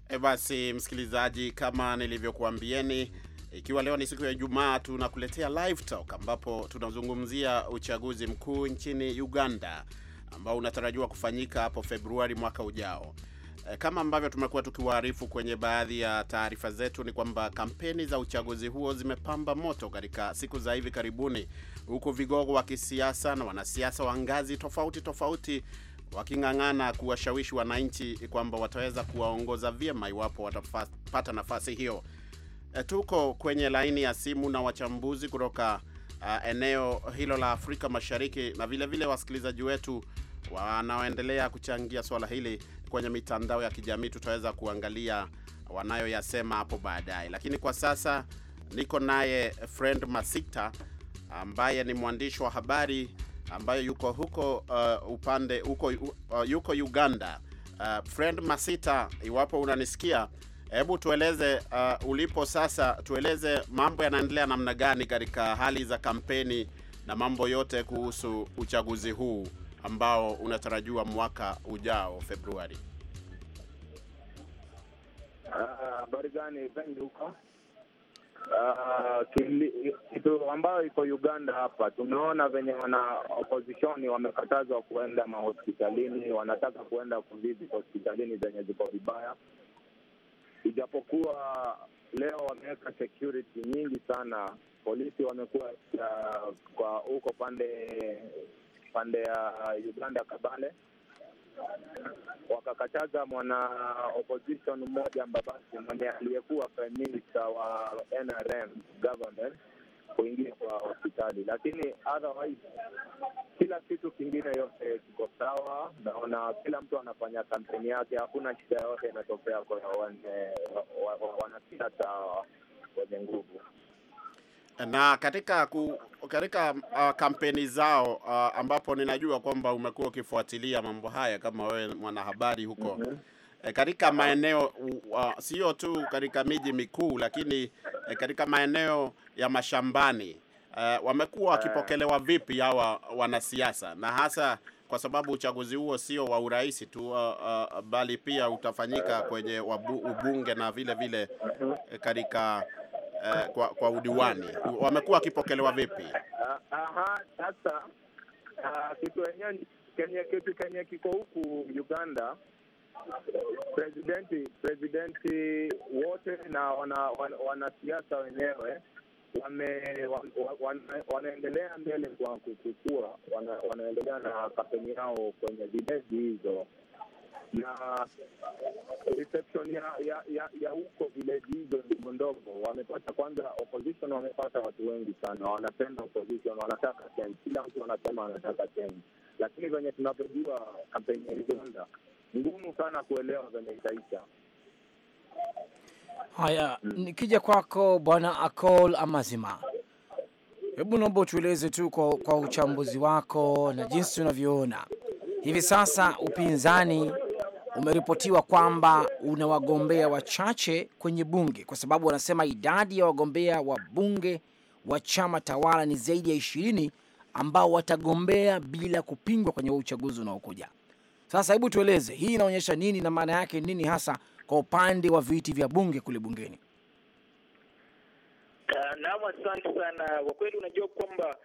Eh, basi msikilizaji, kama nilivyokuambieni ikiwa leo ni siku ya Ijumaa, tunakuletea live talk ambapo tunazungumzia uchaguzi mkuu nchini Uganda ambao unatarajiwa kufanyika hapo Februari mwaka ujao. Eh, kama ambavyo tumekuwa tukiwaarifu kwenye baadhi ya taarifa zetu, ni kwamba kampeni za uchaguzi huo zimepamba moto katika siku za hivi karibuni, huku vigogo wa kisiasa na wanasiasa wa ngazi tofauti tofauti waking'ang'ana kuwashawishi wananchi kwamba wataweza kuwaongoza vyema iwapo watapata nafasi hiyo. Eh, tuko kwenye laini ya simu na wachambuzi kutoka uh, eneo hilo la Afrika Mashariki na vilevile wasikilizaji wetu wanaoendelea kuchangia swala hili kwenye mitandao ya kijamii. Tutaweza kuangalia wanayoyasema hapo baadaye, lakini kwa sasa niko naye Friend Masita ambaye ni mwandishi wa habari ambaye yuko huko uh, upande huko, uh, yuko Uganda. Uh, Friend Masita, iwapo unanisikia Hebu tueleze uh, ulipo sasa, tueleze mambo yanaendelea namna gani katika hali za kampeni na mambo yote kuhusu uchaguzi huu ambao unatarajiwa mwaka ujao Februari. Habari uh, gani bendi huko kitu uh, ambayo iko Uganda hapa, tumeona venye wana opozishoni wamekatazwa kuenda mahospitalini, wanataka kuenda kuvizi hospitalini zenye ziko vibaya ijapokuwa leo wameweka security nyingi sana. Polisi wamekuwa uh, kwa huko pande pande ya uh, Uganda Kabale, wakakataza mwana opposition mmoja Mbabasi mwenye aliyekuwa prime minister wa NRM government kuingia kwa hospitali, lakini otherwise kila kitu kingine yote kiko sawa. Naona kila mtu anafanya kampeni yake, hakuna shida yote inatokea kwa wanasiasa wenye nguvu na katika ku, katika uh, kampeni zao uh, ambapo ninajua kwamba umekuwa ukifuatilia mambo haya kama wewe mwanahabari huko mm -hmm. E, katika maeneo uh, sio tu katika miji mikuu lakini e, katika maeneo ya mashambani uh, wamekuwa wakipokelewa vipi hawa wanasiasa, na hasa kwa sababu uchaguzi huo sio wa urais tu uh, uh, bali pia utafanyika kwenye wabu, ubunge na vile vile katika uh, kwa, kwa udiwani wamekuwa wakipokelewa vipi? Aha, sasa ah, kitu kenye kitu kenye kiko huku Uganda, presidenti presidenti wote na wanasiasa wana, wana wenyewe wame- wanaendelea mbele kwa kukukua wanaendelea na kampeni yao kwenye vilezi hizo na reception ya ya ya, ya huko vilezi hizo ndogo ndogo wamepata. Kwanza opposition wamepata watu wengi sana, wanapenda opposition, wanataka change, kila mtu anasema anataka change, lakini venye tunavyojua kampeni ya Uganda ngumu sana kuelewa venye itaisha. Haya, mm. nikija kwako bwana Akol Amazima, hebu naomba utueleze tu kwa, kwa uchambuzi wako na jinsi unavyoona hivi sasa. Upinzani umeripotiwa kwamba una wagombea wachache kwenye bunge, kwa sababu wanasema idadi ya wagombea wa bunge wa chama tawala ni zaidi ya ishirini ambao watagombea bila kupingwa kwenye uchaguzi unaokuja. Sasa hebu tueleze hii inaonyesha nini na maana yake nini hasa kwa upande wa viti vya bunge kule bungeni? Uh, naam, asante sana. Kwa kweli, unajua kwamba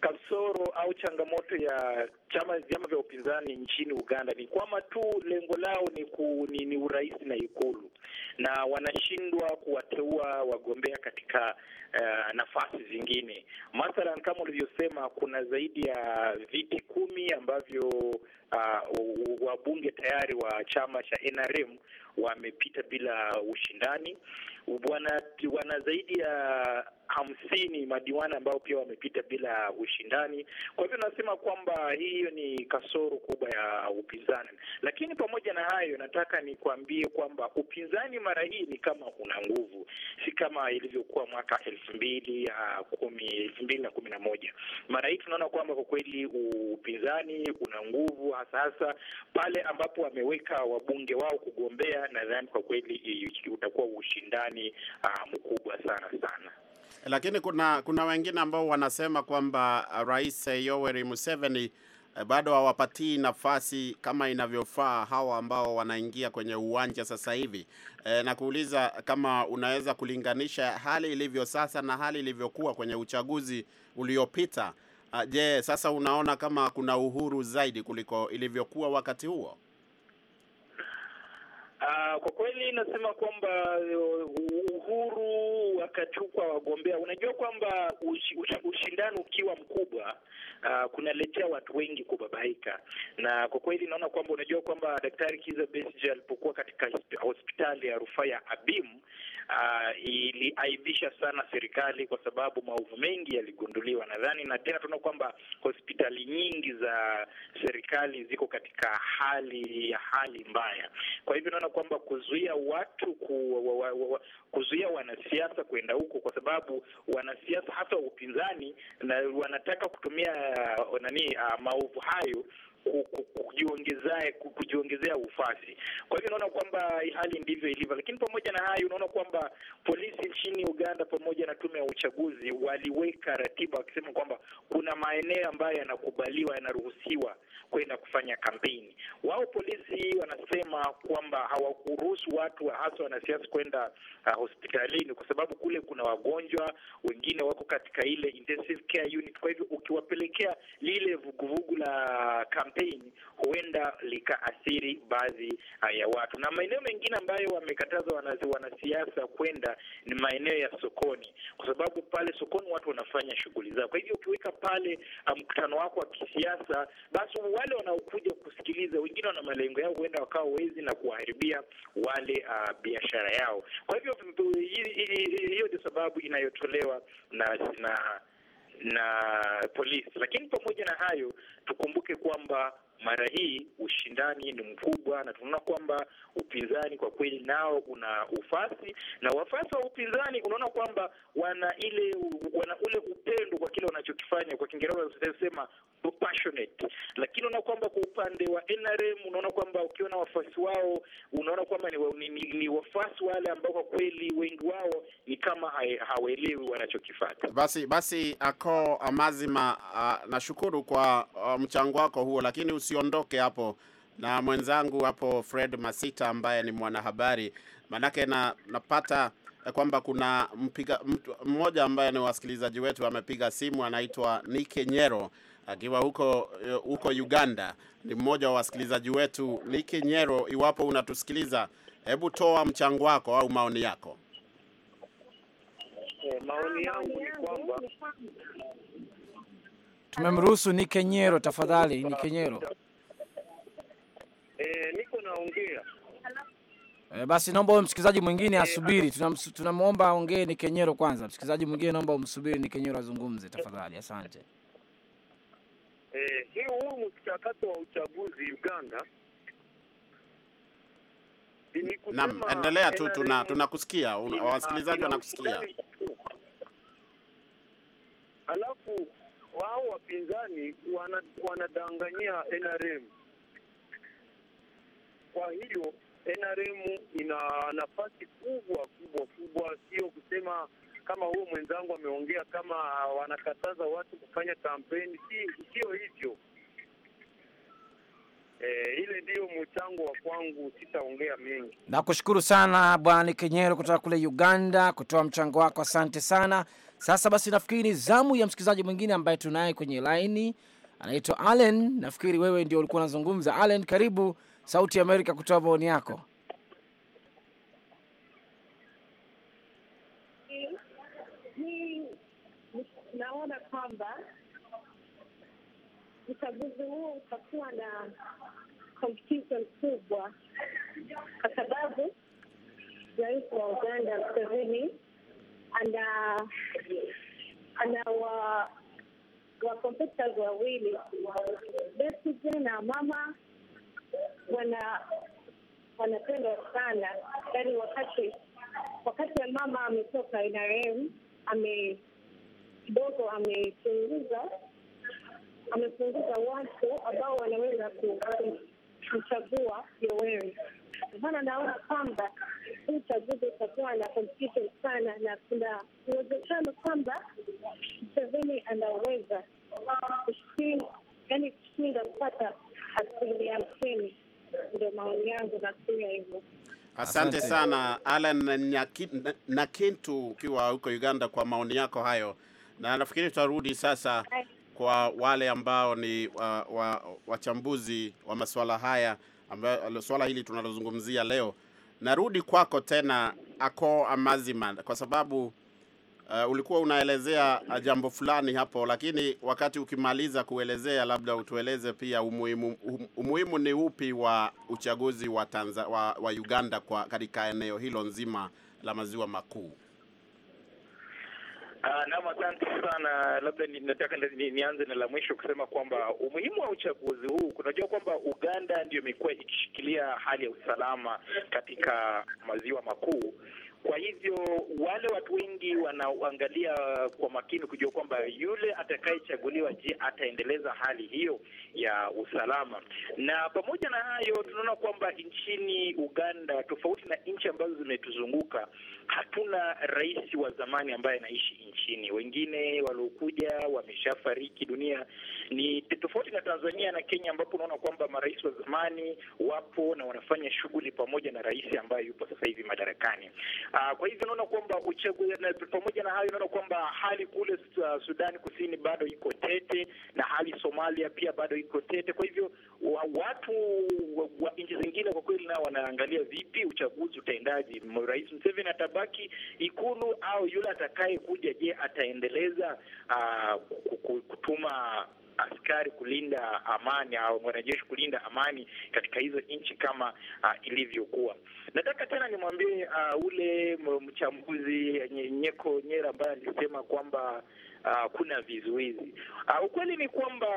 kasoro au changamoto ya chama vyama vya upinzani nchini Uganda ni kwamba tu lengo lao ni, ku, ni, ni urais na ikulu na wanashindwa kuwateua wagombea katika uh, nafasi zingine. Mathalan, kama ulivyosema, kuna zaidi ya viti kumi ambavyo uh, wabunge tayari wa chama cha NRM wamepita bila ushindani. Wana, wana zaidi ya hamsini madiwani ambao pia wamepita bila ushindani. Kwa hivyo nasema kwamba hiyo ni kasoro kubwa ya upinzani, lakini pamoja na hayo, nataka nikuambie kwamba upinzani mara hii ni kama una nguvu, si kama ilivyokuwa mwaka elfu elfu mbili ya uh, kumi elfu mbili na kumi na moja. Mara hii tunaona kwamba kwa kweli upinzani una nguvu, hasa hasa pale ambapo wameweka wabunge wao kugombea. Nadhani kwa kweli utakuwa ushindani uh, mkubwa sana sana lakini kuna kuna wengine ambao wanasema kwamba uh, Rais Yoweri Museveni Eh, bado hawapatii nafasi kama inavyofaa hawa ambao wanaingia kwenye uwanja sasa hivi. E, eh, na kuuliza kama unaweza kulinganisha hali ilivyo sasa na hali ilivyokuwa kwenye uchaguzi uliopita. Ah, je, sasa unaona kama kuna uhuru zaidi kuliko ilivyokuwa wakati huo? Uh, kwa kweli nasema kwamba uh, uhuru wakachukua wagombea, unajua kwamba ush, ushindani ukiwa mkubwa uh, kunaletea watu wengi kubabaika, na kwa kweli naona kwamba unajua kwamba Daktari Kiza Besigye alipokuwa katika hospitali ya rufaa ya Abimu uh, iliaibisha sana serikali kwa sababu maovu mengi yaligunduliwa. Nadhani na tena tunaona kwamba hospitali nyingi za serikali ziko katika hali ya hali mbaya. Kwa hivyo naona kwamba kuzuia watu ku, wa, wa, wa, kuzuia wanasiasa kwenda huko, kwa sababu wanasiasa hata wa upinzani na wanataka kutumia uh, nani uh, maovu hayo kujiongezea kujiongezea ufasi. Kwa hivyo unaona kwamba hali ndivyo ilivyo, lakini pamoja na hayo, unaona kwamba polisi nchini Uganda pamoja na tume ya uchaguzi waliweka ratiba wakisema kwamba kuna maeneo ambayo yanakubaliwa, yanaruhusiwa kwenda kufanya kampeni. Wao polisi wanasema kwamba hawakuruhusu watu hasa wanasiasa kwenda uh, hospitalini kwa sababu kule kuna wagonjwa wengine wako katika ile intensive care unit. Kwa hivyo ukiwapelekea lile vuguvugu la kampeni huenda likaathiri baadhi uh, ya watu, na maeneo mengine ambayo wamekataza wanasiasa kwenda ni maeneo ya sokoni, kwa sababu pale sokoni watu wanafanya shughuli zao. Kwa hivyo ukiweka pale uh, mkutano um, wako wa kisiasa, basi wale wanaokuja kusikiliza, wengine wana malengo yao, huenda wakawa wezi na kuwaharibia wale uh, biashara yao. Kwa hivyo mm, mm, hiyo ndio sababu inayotolewa na na na polisi. Lakini pamoja na hayo, tukumbuke kwamba mara hii ushindani ni mkubwa, na tunaona kwamba upinzani kwa kweli nao una ufasi, na wafasi wa upinzani unaona kwamba wana ile wana ule kufanya kwa Kiingereza tunasema passionate, lakini unaona kwamba kwa upande wa NRM unaona kwamba ukiona wafasi wao unaona kwamba ni, ni, ni wafasi wale ambao kwa kweli wengi wao ni kama hawaelewi wanachokifata. Basi basi, ako amazima. Uh, nashukuru kwa uh, mchango wako huo, lakini usiondoke hapo na mwenzangu hapo Fred Masita ambaye ni mwanahabari, manake na napata Eh, kwamba kuna mpiga mtu mmoja ambaye ni wasikilizaji wetu amepiga simu, anaitwa Nike Nyero akiwa huko eh, huko Uganda. Ni mmoja wa wasikilizaji wetu. Nike Nyero, iwapo unatusikiliza, hebu toa mchango wako au maoni yako. Eh, maoni yangu ni kwamba tumemruhusu Nike Nyero, tafadhali Nike Nyero. E, niko naongea E, basi naomba huyo msikilizaji mwingine asubiri. Tunamwomba tuna aongee ni Kenyero kwanza. Msikilizaji mwingine naomba umsubiri ni Kenyero azungumze tafadhali. Asante. Eh, hii huu mchakato wa uchaguzi Uganda Naam, endelea tu, tuna tunakusikia, ah, wasikilizaji wanakusikia. Alafu wao wapinzani wanadanganyia NRM, kwa hiyo NRM ina nafasi kubwa kubwa kubwa, sio kusema kama huyo mwenzangu ameongea kama wanakataza watu kufanya kampeni, sio hivyo. Eh, ile ndiyo mchango wa kwangu, sitaongea mengi. Nakushukuru sana Bwana Kenyero kutoka kule Uganda kutoa mchango wako, asante sana. Sasa basi, nafikiri zamu ya msikilizaji mwingine ambaye tunaye kwenye laini anaitwa Allen. Nafikiri wewe ndio ulikuwa unazungumza Allen, karibu Sauti ya Amerika kutoa maoni yako. Naona kwamba uchaguzi huo utakuwa na competition kubwa, kwa sababu rais wa Uganda Museveni ana ana wa wa competitors wawili Besigye na mama wana wanapendwa sana yani wakati wakati ya mama ametoka nrm ame kidogo amepunguza amepunguza watu ambao wanaweza kumchagua Yoweri. Maana naona kwamba huu uchaguzi utakuwa na competition sana, na kuna uwezekano kwamba Mseveni anaweza yani kushinda yaani kupata asilimia hamsini. Ndio maoni yangu, hivyo. Asante sana Alan Nakintu ukiwa huko Uganda kwa maoni yako hayo, na nafikiri tutarudi sasa kwa wale ambao ni wa, wa, wachambuzi wa masuala haya ambayo swala hili tunalozungumzia leo. Narudi kwako tena Ako Amazima kwa sababu Uh, ulikuwa unaelezea eh, jambo fulani hapo, lakini wakati ukimaliza kuelezea, labda utueleze pia umuhimu, um, umuhimu ni upi wa uchaguzi wa, Tanzania, wa, wa Uganda kwa katika eneo hilo nzima la maziwa makuu. Uh, naam, asante sana. Labda nataka ni, nianze na la mwisho kusema kwamba umuhimu wa uchaguzi huu, kunajua kwamba Uganda ndio imekuwa ikishikilia hali ya usalama katika maziwa makuu kwa hivyo wale watu wengi wanaangalia kwa makini kujua kwamba yule atakayechaguliwa, je, ataendeleza hali hiyo ya usalama? Na pamoja na hayo, tunaona kwamba nchini Uganda, tofauti na nchi ambazo zimetuzunguka, hatuna rais wa zamani ambaye anaishi nchini. Wengine waliokuja wameshafariki dunia. Ni tofauti na Tanzania na Kenya, ambapo unaona kwamba marais wa zamani wapo na wanafanya shughuli pamoja na rais ambaye yupo sasa hivi madarakani. Uh, kwa hivyo naona kwamba pamoja na hayo, naona kwamba hali kule uh, Sudani Kusini bado iko tete na hali Somalia pia bado iko tete. Kwa hivyo wa, watu wa, wa nchi zingine kwa kweli nao wanaangalia vipi uchaguzi utaendaje, Rais Museveni atabaki ikulu au yule atakaye kuja je, ataendeleza uh, kutuma askari kulinda amani au wanajeshi kulinda amani katika hizo nchi kama uh, ilivyokuwa. Nataka tena nimwambie uh, ule mchambuzi Nyeko Nyera ambaye alisema kwamba Uh, kuna vizuizi uh, ukweli ni kwamba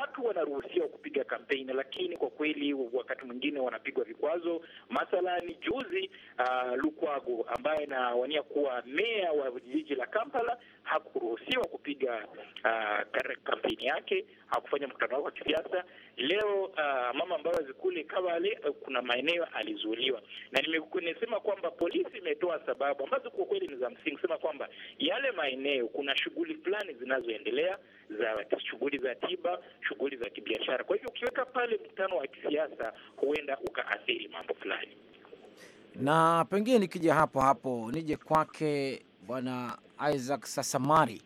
watu wanaruhusiwa kupiga kampeni, lakini kwa kweli wakati mwingine wanapigwa vikwazo. Mathalani juzi, uh, Lukwago ambaye anawania kuwa meya wa jiji la Kampala hakuruhusiwa kupiga uh, kampeni yake, hakufanya mkutano wake wa kisiasa. Leo uh, mama ambayo azikule kawale uh, eh, kuna maeneo alizuiliwa, na nimesema kwamba polisi imetoa sababu ambazo kwa kweli ni za msingi, sema kwamba yale maeneo kuna shughuli fulani zinazoendelea za shughuli za tiba, shughuli za kibiashara. Kwa hivyo ukiweka pale mkutano wa kisiasa, huenda ukaathiri mambo fulani. Na pengine nikija hapo hapo nije kwake Bwana Isaac Sasamari,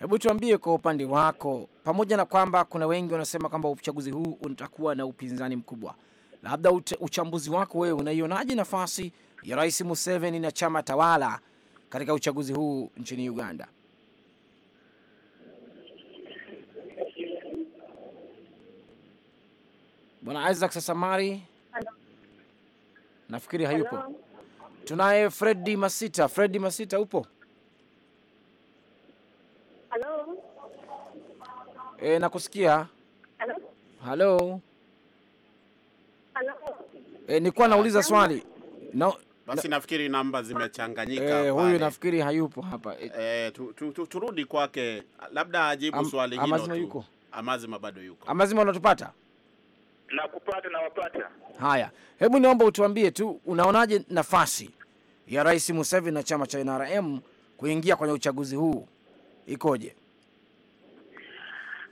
hebu tuambie kwa upande wako, pamoja na kwamba kuna wengi wanasema kwamba uchaguzi huu utakuwa na upinzani mkubwa, labda uchambuzi wako wewe, unaionaje nafasi ya Rais Museveni na chama tawala katika uchaguzi huu nchini Uganda? Bwana Isaac Sasamari nafikiri hayupo. Tunaye Fredi Masita. Fredi Masita, upo? E, nakusikia. Halo, halo. Halo. E, eh, nilikuwa nauliza swali Na, Basi nafikiri namba zimechanganyika. E, huyu nafikiri hayupo hapa e, e, tu, tu, tu, turudi kwake labda ajibu am, swali hilo. Amazima yuko? Amazima bado yuko. Amazima, unatupata? Nakupata na wapata. Haya, hebu niomba utuambie tu unaonaje nafasi ya Rais Museveni na chama cha NRM kuingia kwenye uchaguzi huu ikoje?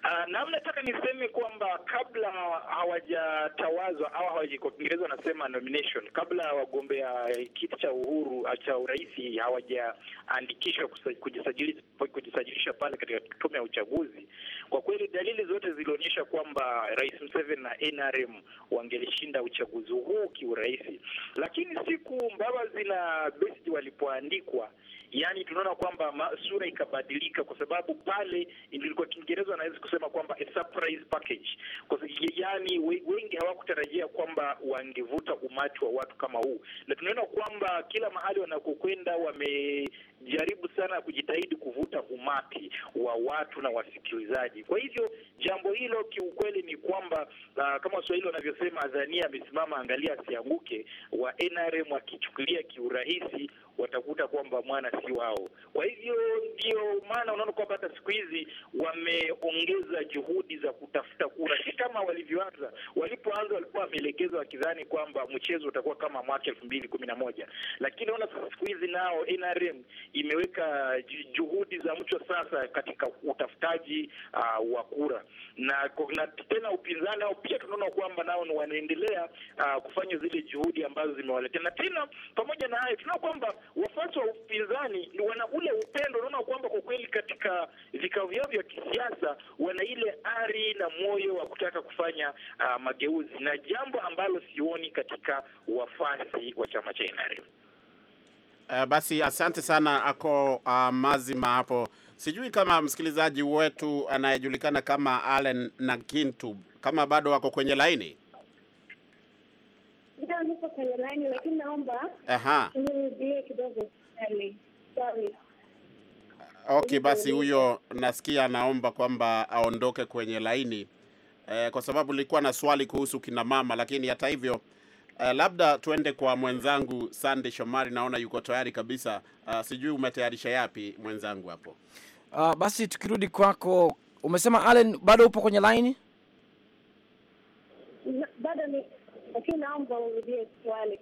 Uh, na nataka niseme kwamba kabla hawajatawazwa au hawajikongeza, wanasema nomination, kabla wagombea eh, kiti cha uhuru ah, cha urais hawajaandikishwa kujisajilisha, kujisajilisha pale katika tume ya uchaguzi, kwa kweli dalili zote zilionyesha kwamba Rais Museveni na NRM wangelishinda uchaguzi huu kiurahisi, lakini siku Mbabazi na Besigye walipoandikwa yani tunaona kwamba sura ikabadilika, kwa sababu pale ilikuwa Kiingereza wanaweza kusema kwamba a surprise package. Kwa sababu yani wengi hawakutarajia kwamba wangevuta umati wa watu kama huu, na tunaona kwamba kila mahali wanakokwenda wamejaribu sana kujitahidi kuvuta umati wa watu na wasikilizaji. Kwa hivyo jambo hilo kiukweli ni kwamba uh, kama Waswahili wanavyosema adhania amesimama, angalia asianguke. Wa NRM wakichukulia kiurahisi, watakuta kwamba mwana wengi wao. Kwa hivyo ndio maana unaona kwamba hata siku hizi wameongeza juhudi za kutafuta kura, si kama walivyoanza. Walipoanza walikuwa wameelekezwa wakidhani kwamba mchezo utakuwa kama mwaka elfu mbili kumi na moja, lakini naona sasa siku hizi nao NRM imeweka juhudi za mchwa sasa katika utafutaji uh, wa kura na, na tena upinzani nao pia tunaona kwamba nao wanaendelea uh, kufanya zile juhudi ambazo zimewaletea, na tena pamoja na hayo tunaona kwamba wafuasi wa upinzani fulani wana ule upendo, unaona kwamba kwa kweli katika vikao vyao vya kisiasa wana ile ari na moyo wa kutaka kufanya uh, mageuzi, na jambo ambalo sioni katika wafasi wa chama cha NRM. Uh, eh, basi asante sana ako uh, mazima hapo. Sijui kama msikilizaji wetu anayejulikana kama Allen na Kintu kama bado wako kwenye laini. Ndio, kwenye laini lakini naomba aha, nirudie kidogo. Sorry. Okay, basi huyo nasikia anaomba kwamba aondoke kwenye laini eh, kwa sababu nilikuwa na swali kuhusu kina mama, lakini hata hivyo eh, labda tuende kwa mwenzangu Sande Shomari, naona yuko tayari kabisa. Uh, sijui umetayarisha yapi mwenzangu hapo. Uh, basi tukirudi kwako, umesema Allen bado upo kwenye laini?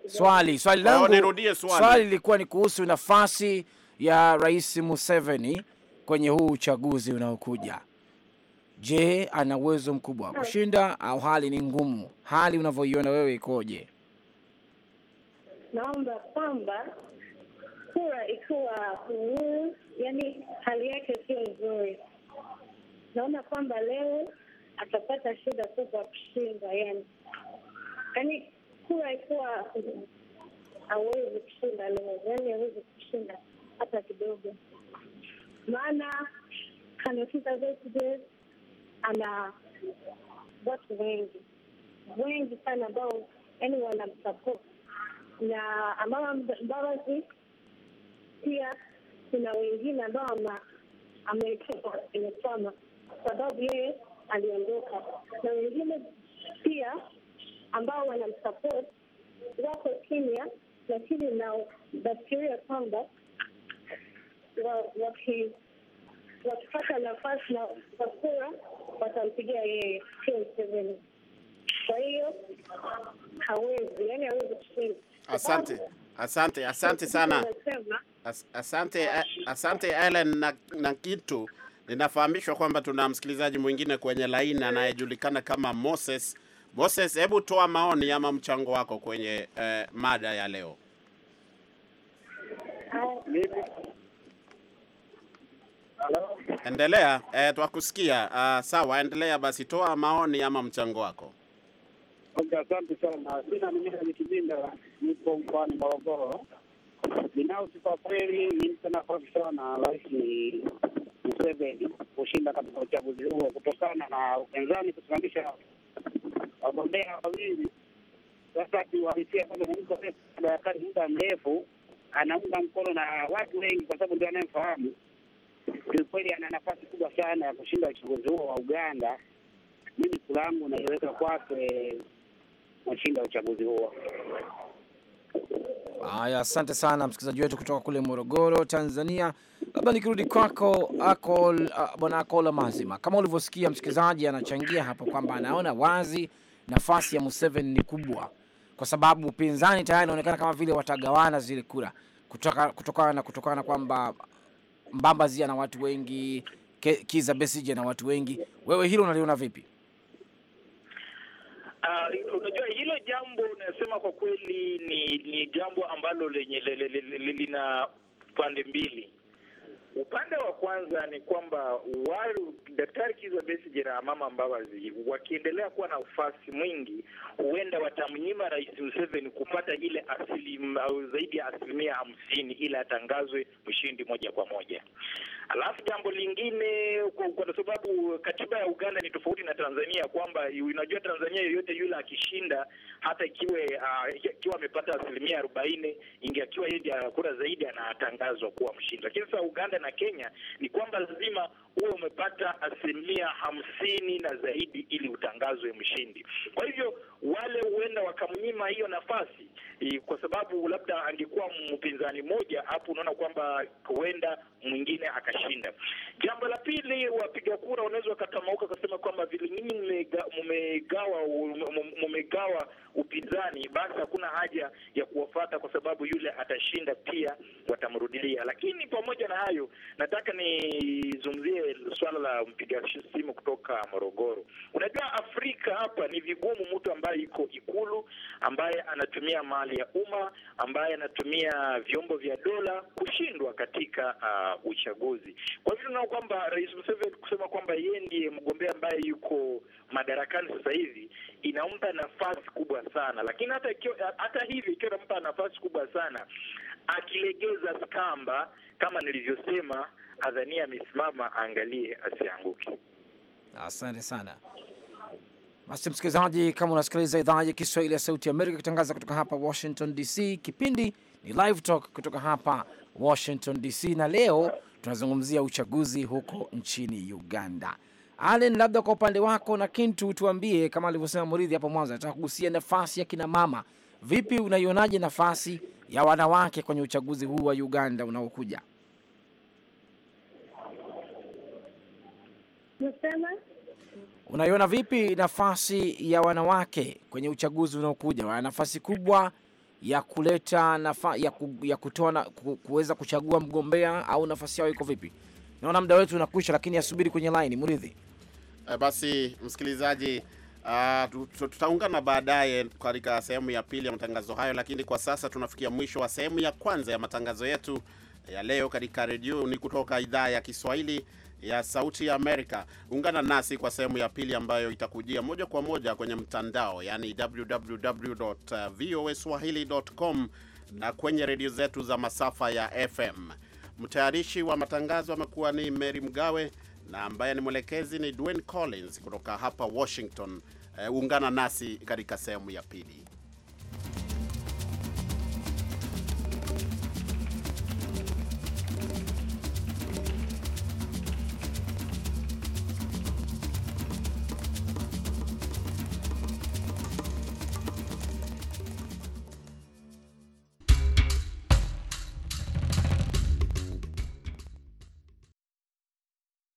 swali swali ah, langu, nirudie swali. Swali lilikuwa ni kuhusu nafasi ya Rais Museveni kwenye huu uchaguzi unaokuja. Je, ana uwezo mkubwa wa kushinda au hali ni ngumu? Hali unavyoiona wewe ikoje? Naomba kwamba kura ikiwa uhuru, yani hali yake sio nzuri. Naona kwamba leo atapata shida kubwa kushinda, yani yani kura ikiwa hawezi kushinda leo, yani hawezi kushinda hata kidogo, maana kanisa zote ana watu wengi wengi sana ambao yani wanamsupport na ambao Mbabazi pia kuna wengine ambao ametoka kwenye chama kwa sababu yeye aliondoka, na wengine pia ambao wanamsupport wako kimya, lakini nafikiria kwamba wakipata nafasi na wakura watampigia yeye, sio Mseveni. Kwa hiyo hawezi, yani hawezi kushinda. Asante, asante, asante sana, asante, asante Ellen na, na kitu ninafahamishwa kwamba tuna msikilizaji mwingine kwenye laini anayejulikana kama Moses. Moses, hebu toa maoni ama mchango wako kwenye eh, mada ya leo. Endelea e, twakusikia. Uh, sawa, endelea basi, toa maoni ama mchango wako. Okay, asante sana. Jina ni Kibinda, niko mkoani Morogoro. Binafsi kwa kweli ni mtu nafarisha na Rais Museveni kushinda katika uchaguzi huo kutokana na upinzani kusimamisha wagombea wawili. Sasa kiwahisia kwamba ni mtu madarakani muda mrefu, anaunga mkono na watu wengi, kwa sababu ndio anayemfahamu kiukweli ana nafasi kubwa sana ya kushinda uchaguzi huo wa Uganda. Mimi kura yangu naiweka kwake mshinda uchaguzi huo. Haya, asante sana msikilizaji wetu kutoka kule Morogoro, Tanzania. Labda nikirudi kwako Akol, uh, bwana Akola Mazima, kama ulivyosikia msikilizaji anachangia hapo kwamba anaona wazi nafasi ya Museveni ni kubwa, kwa sababu upinzani tayari inaonekana kama vile watagawana zile kura kutokana na kutokana kwamba Mbambazi ana watu wengi, Kiza Besije na watu wengi. Wewe hilo unaliona vipi? Uh, unajua hilo jambo unasema kwa kweli ni, ni jambo ambalo lenye lina pande mbili Upande wa kwanza ni kwamba wale Daktari Kizza Besigye jeraha mama Mbabazi wakiendelea kuwa na ufasi mwingi, huenda watamnyima Rais Museveni kupata ile asilim, zaidi ya asilimia hamsini ili atangazwe mshindi moja kwa moja. Alafu jambo lingine, kwa sababu katiba ya Uganda ni tofauti na Tanzania, kwamba unajua Tanzania yoyote yule akishinda, hata ikiwe uh, ikiwa amepata asilimia arobaini, ingeakiwa yeye kura zaidi, anatangazwa kuwa mshindi, lakini sasa Uganda na na Kenya ni kwamba lazima huwe umepata asilimia hamsini na zaidi ili utangazwe mshindi. Kwa hivyo wale huenda wakamnyima hiyo nafasi i, kwa sababu labda angekuwa mpinzani mmoja hapo, unaona kwamba huenda mwingine akashinda. Jambo la pili, wapiga kura wanaweza wakatamauka wakasema kwamba vile nyinyi mmegawa mmegawa upinzani, basi hakuna haja ya kuwafata kwa sababu yule atashinda, pia watamrudilia. Lakini pamoja na hayo, nataka nizungumzie swala la mpiga simu kutoka Morogoro. Unajua Afrika hapa ni vigumu mtu ambaye iko ikulu, ambaye anatumia mali ya umma, ambaye anatumia vyombo vya dola kushindwa katika uh, uchaguzi. Kwa hivyo tunaona kwamba Rais Museveni kusema kwamba yeye ndiye mgombea ambaye yuko madarakani sasa hivi inampa nafasi kubwa sana, lakini hata kio, hata hivyo ikiwa inampa nafasi kubwa sana, akilegeza kamba kama nilivyosema adhania amesimama, aangalie asianguke. Asante sana. Basi msikilizaji, kama unasikiliza idhaa ya Kiswahili ya Sauti ya Amerika ikitangaza kutoka hapa Washington DC, kipindi ni Live Talk kutoka hapa Washington DC, na leo tunazungumzia uchaguzi huko nchini Uganda. Allen, labda kwa upande wako na Kintu, tuambie kama alivyosema Muridhi hapo mwanzo, nataka kugusia nafasi ya kina mama. Vipi unaionaje nafasi ya wanawake kwenye uchaguzi huu wa Uganda unaokuja? Nasema unaiona vipi nafasi ya wanawake kwenye uchaguzi unaokuja? Wana nafasi kubwa ya kuleta nafa, ya, ku, ya kutoa na, ku, kuweza kuchagua mgombea au nafasi yao iko vipi? Naona muda wetu unakwisha, lakini asubiri kwenye line Mridhi. Eh, basi msikilizaji, uh, tutaungana baadaye katika sehemu ya pili ya matangazo hayo, lakini kwa sasa tunafikia mwisho wa sehemu ya kwanza ya matangazo yetu ya leo katika redio ni kutoka idhaa ya Kiswahili ya Sauti ya Amerika. Ungana nasi kwa sehemu ya pili ambayo itakujia moja kwa moja kwenye mtandao, yani www.voaswahili.com na kwenye redio zetu za masafa ya FM. Mtayarishi wa matangazo amekuwa ni Mary Mgawe na ambaye ni mwelekezi ni Dwayne Collins kutoka hapa Washington. Uh, ungana nasi katika sehemu ya pili.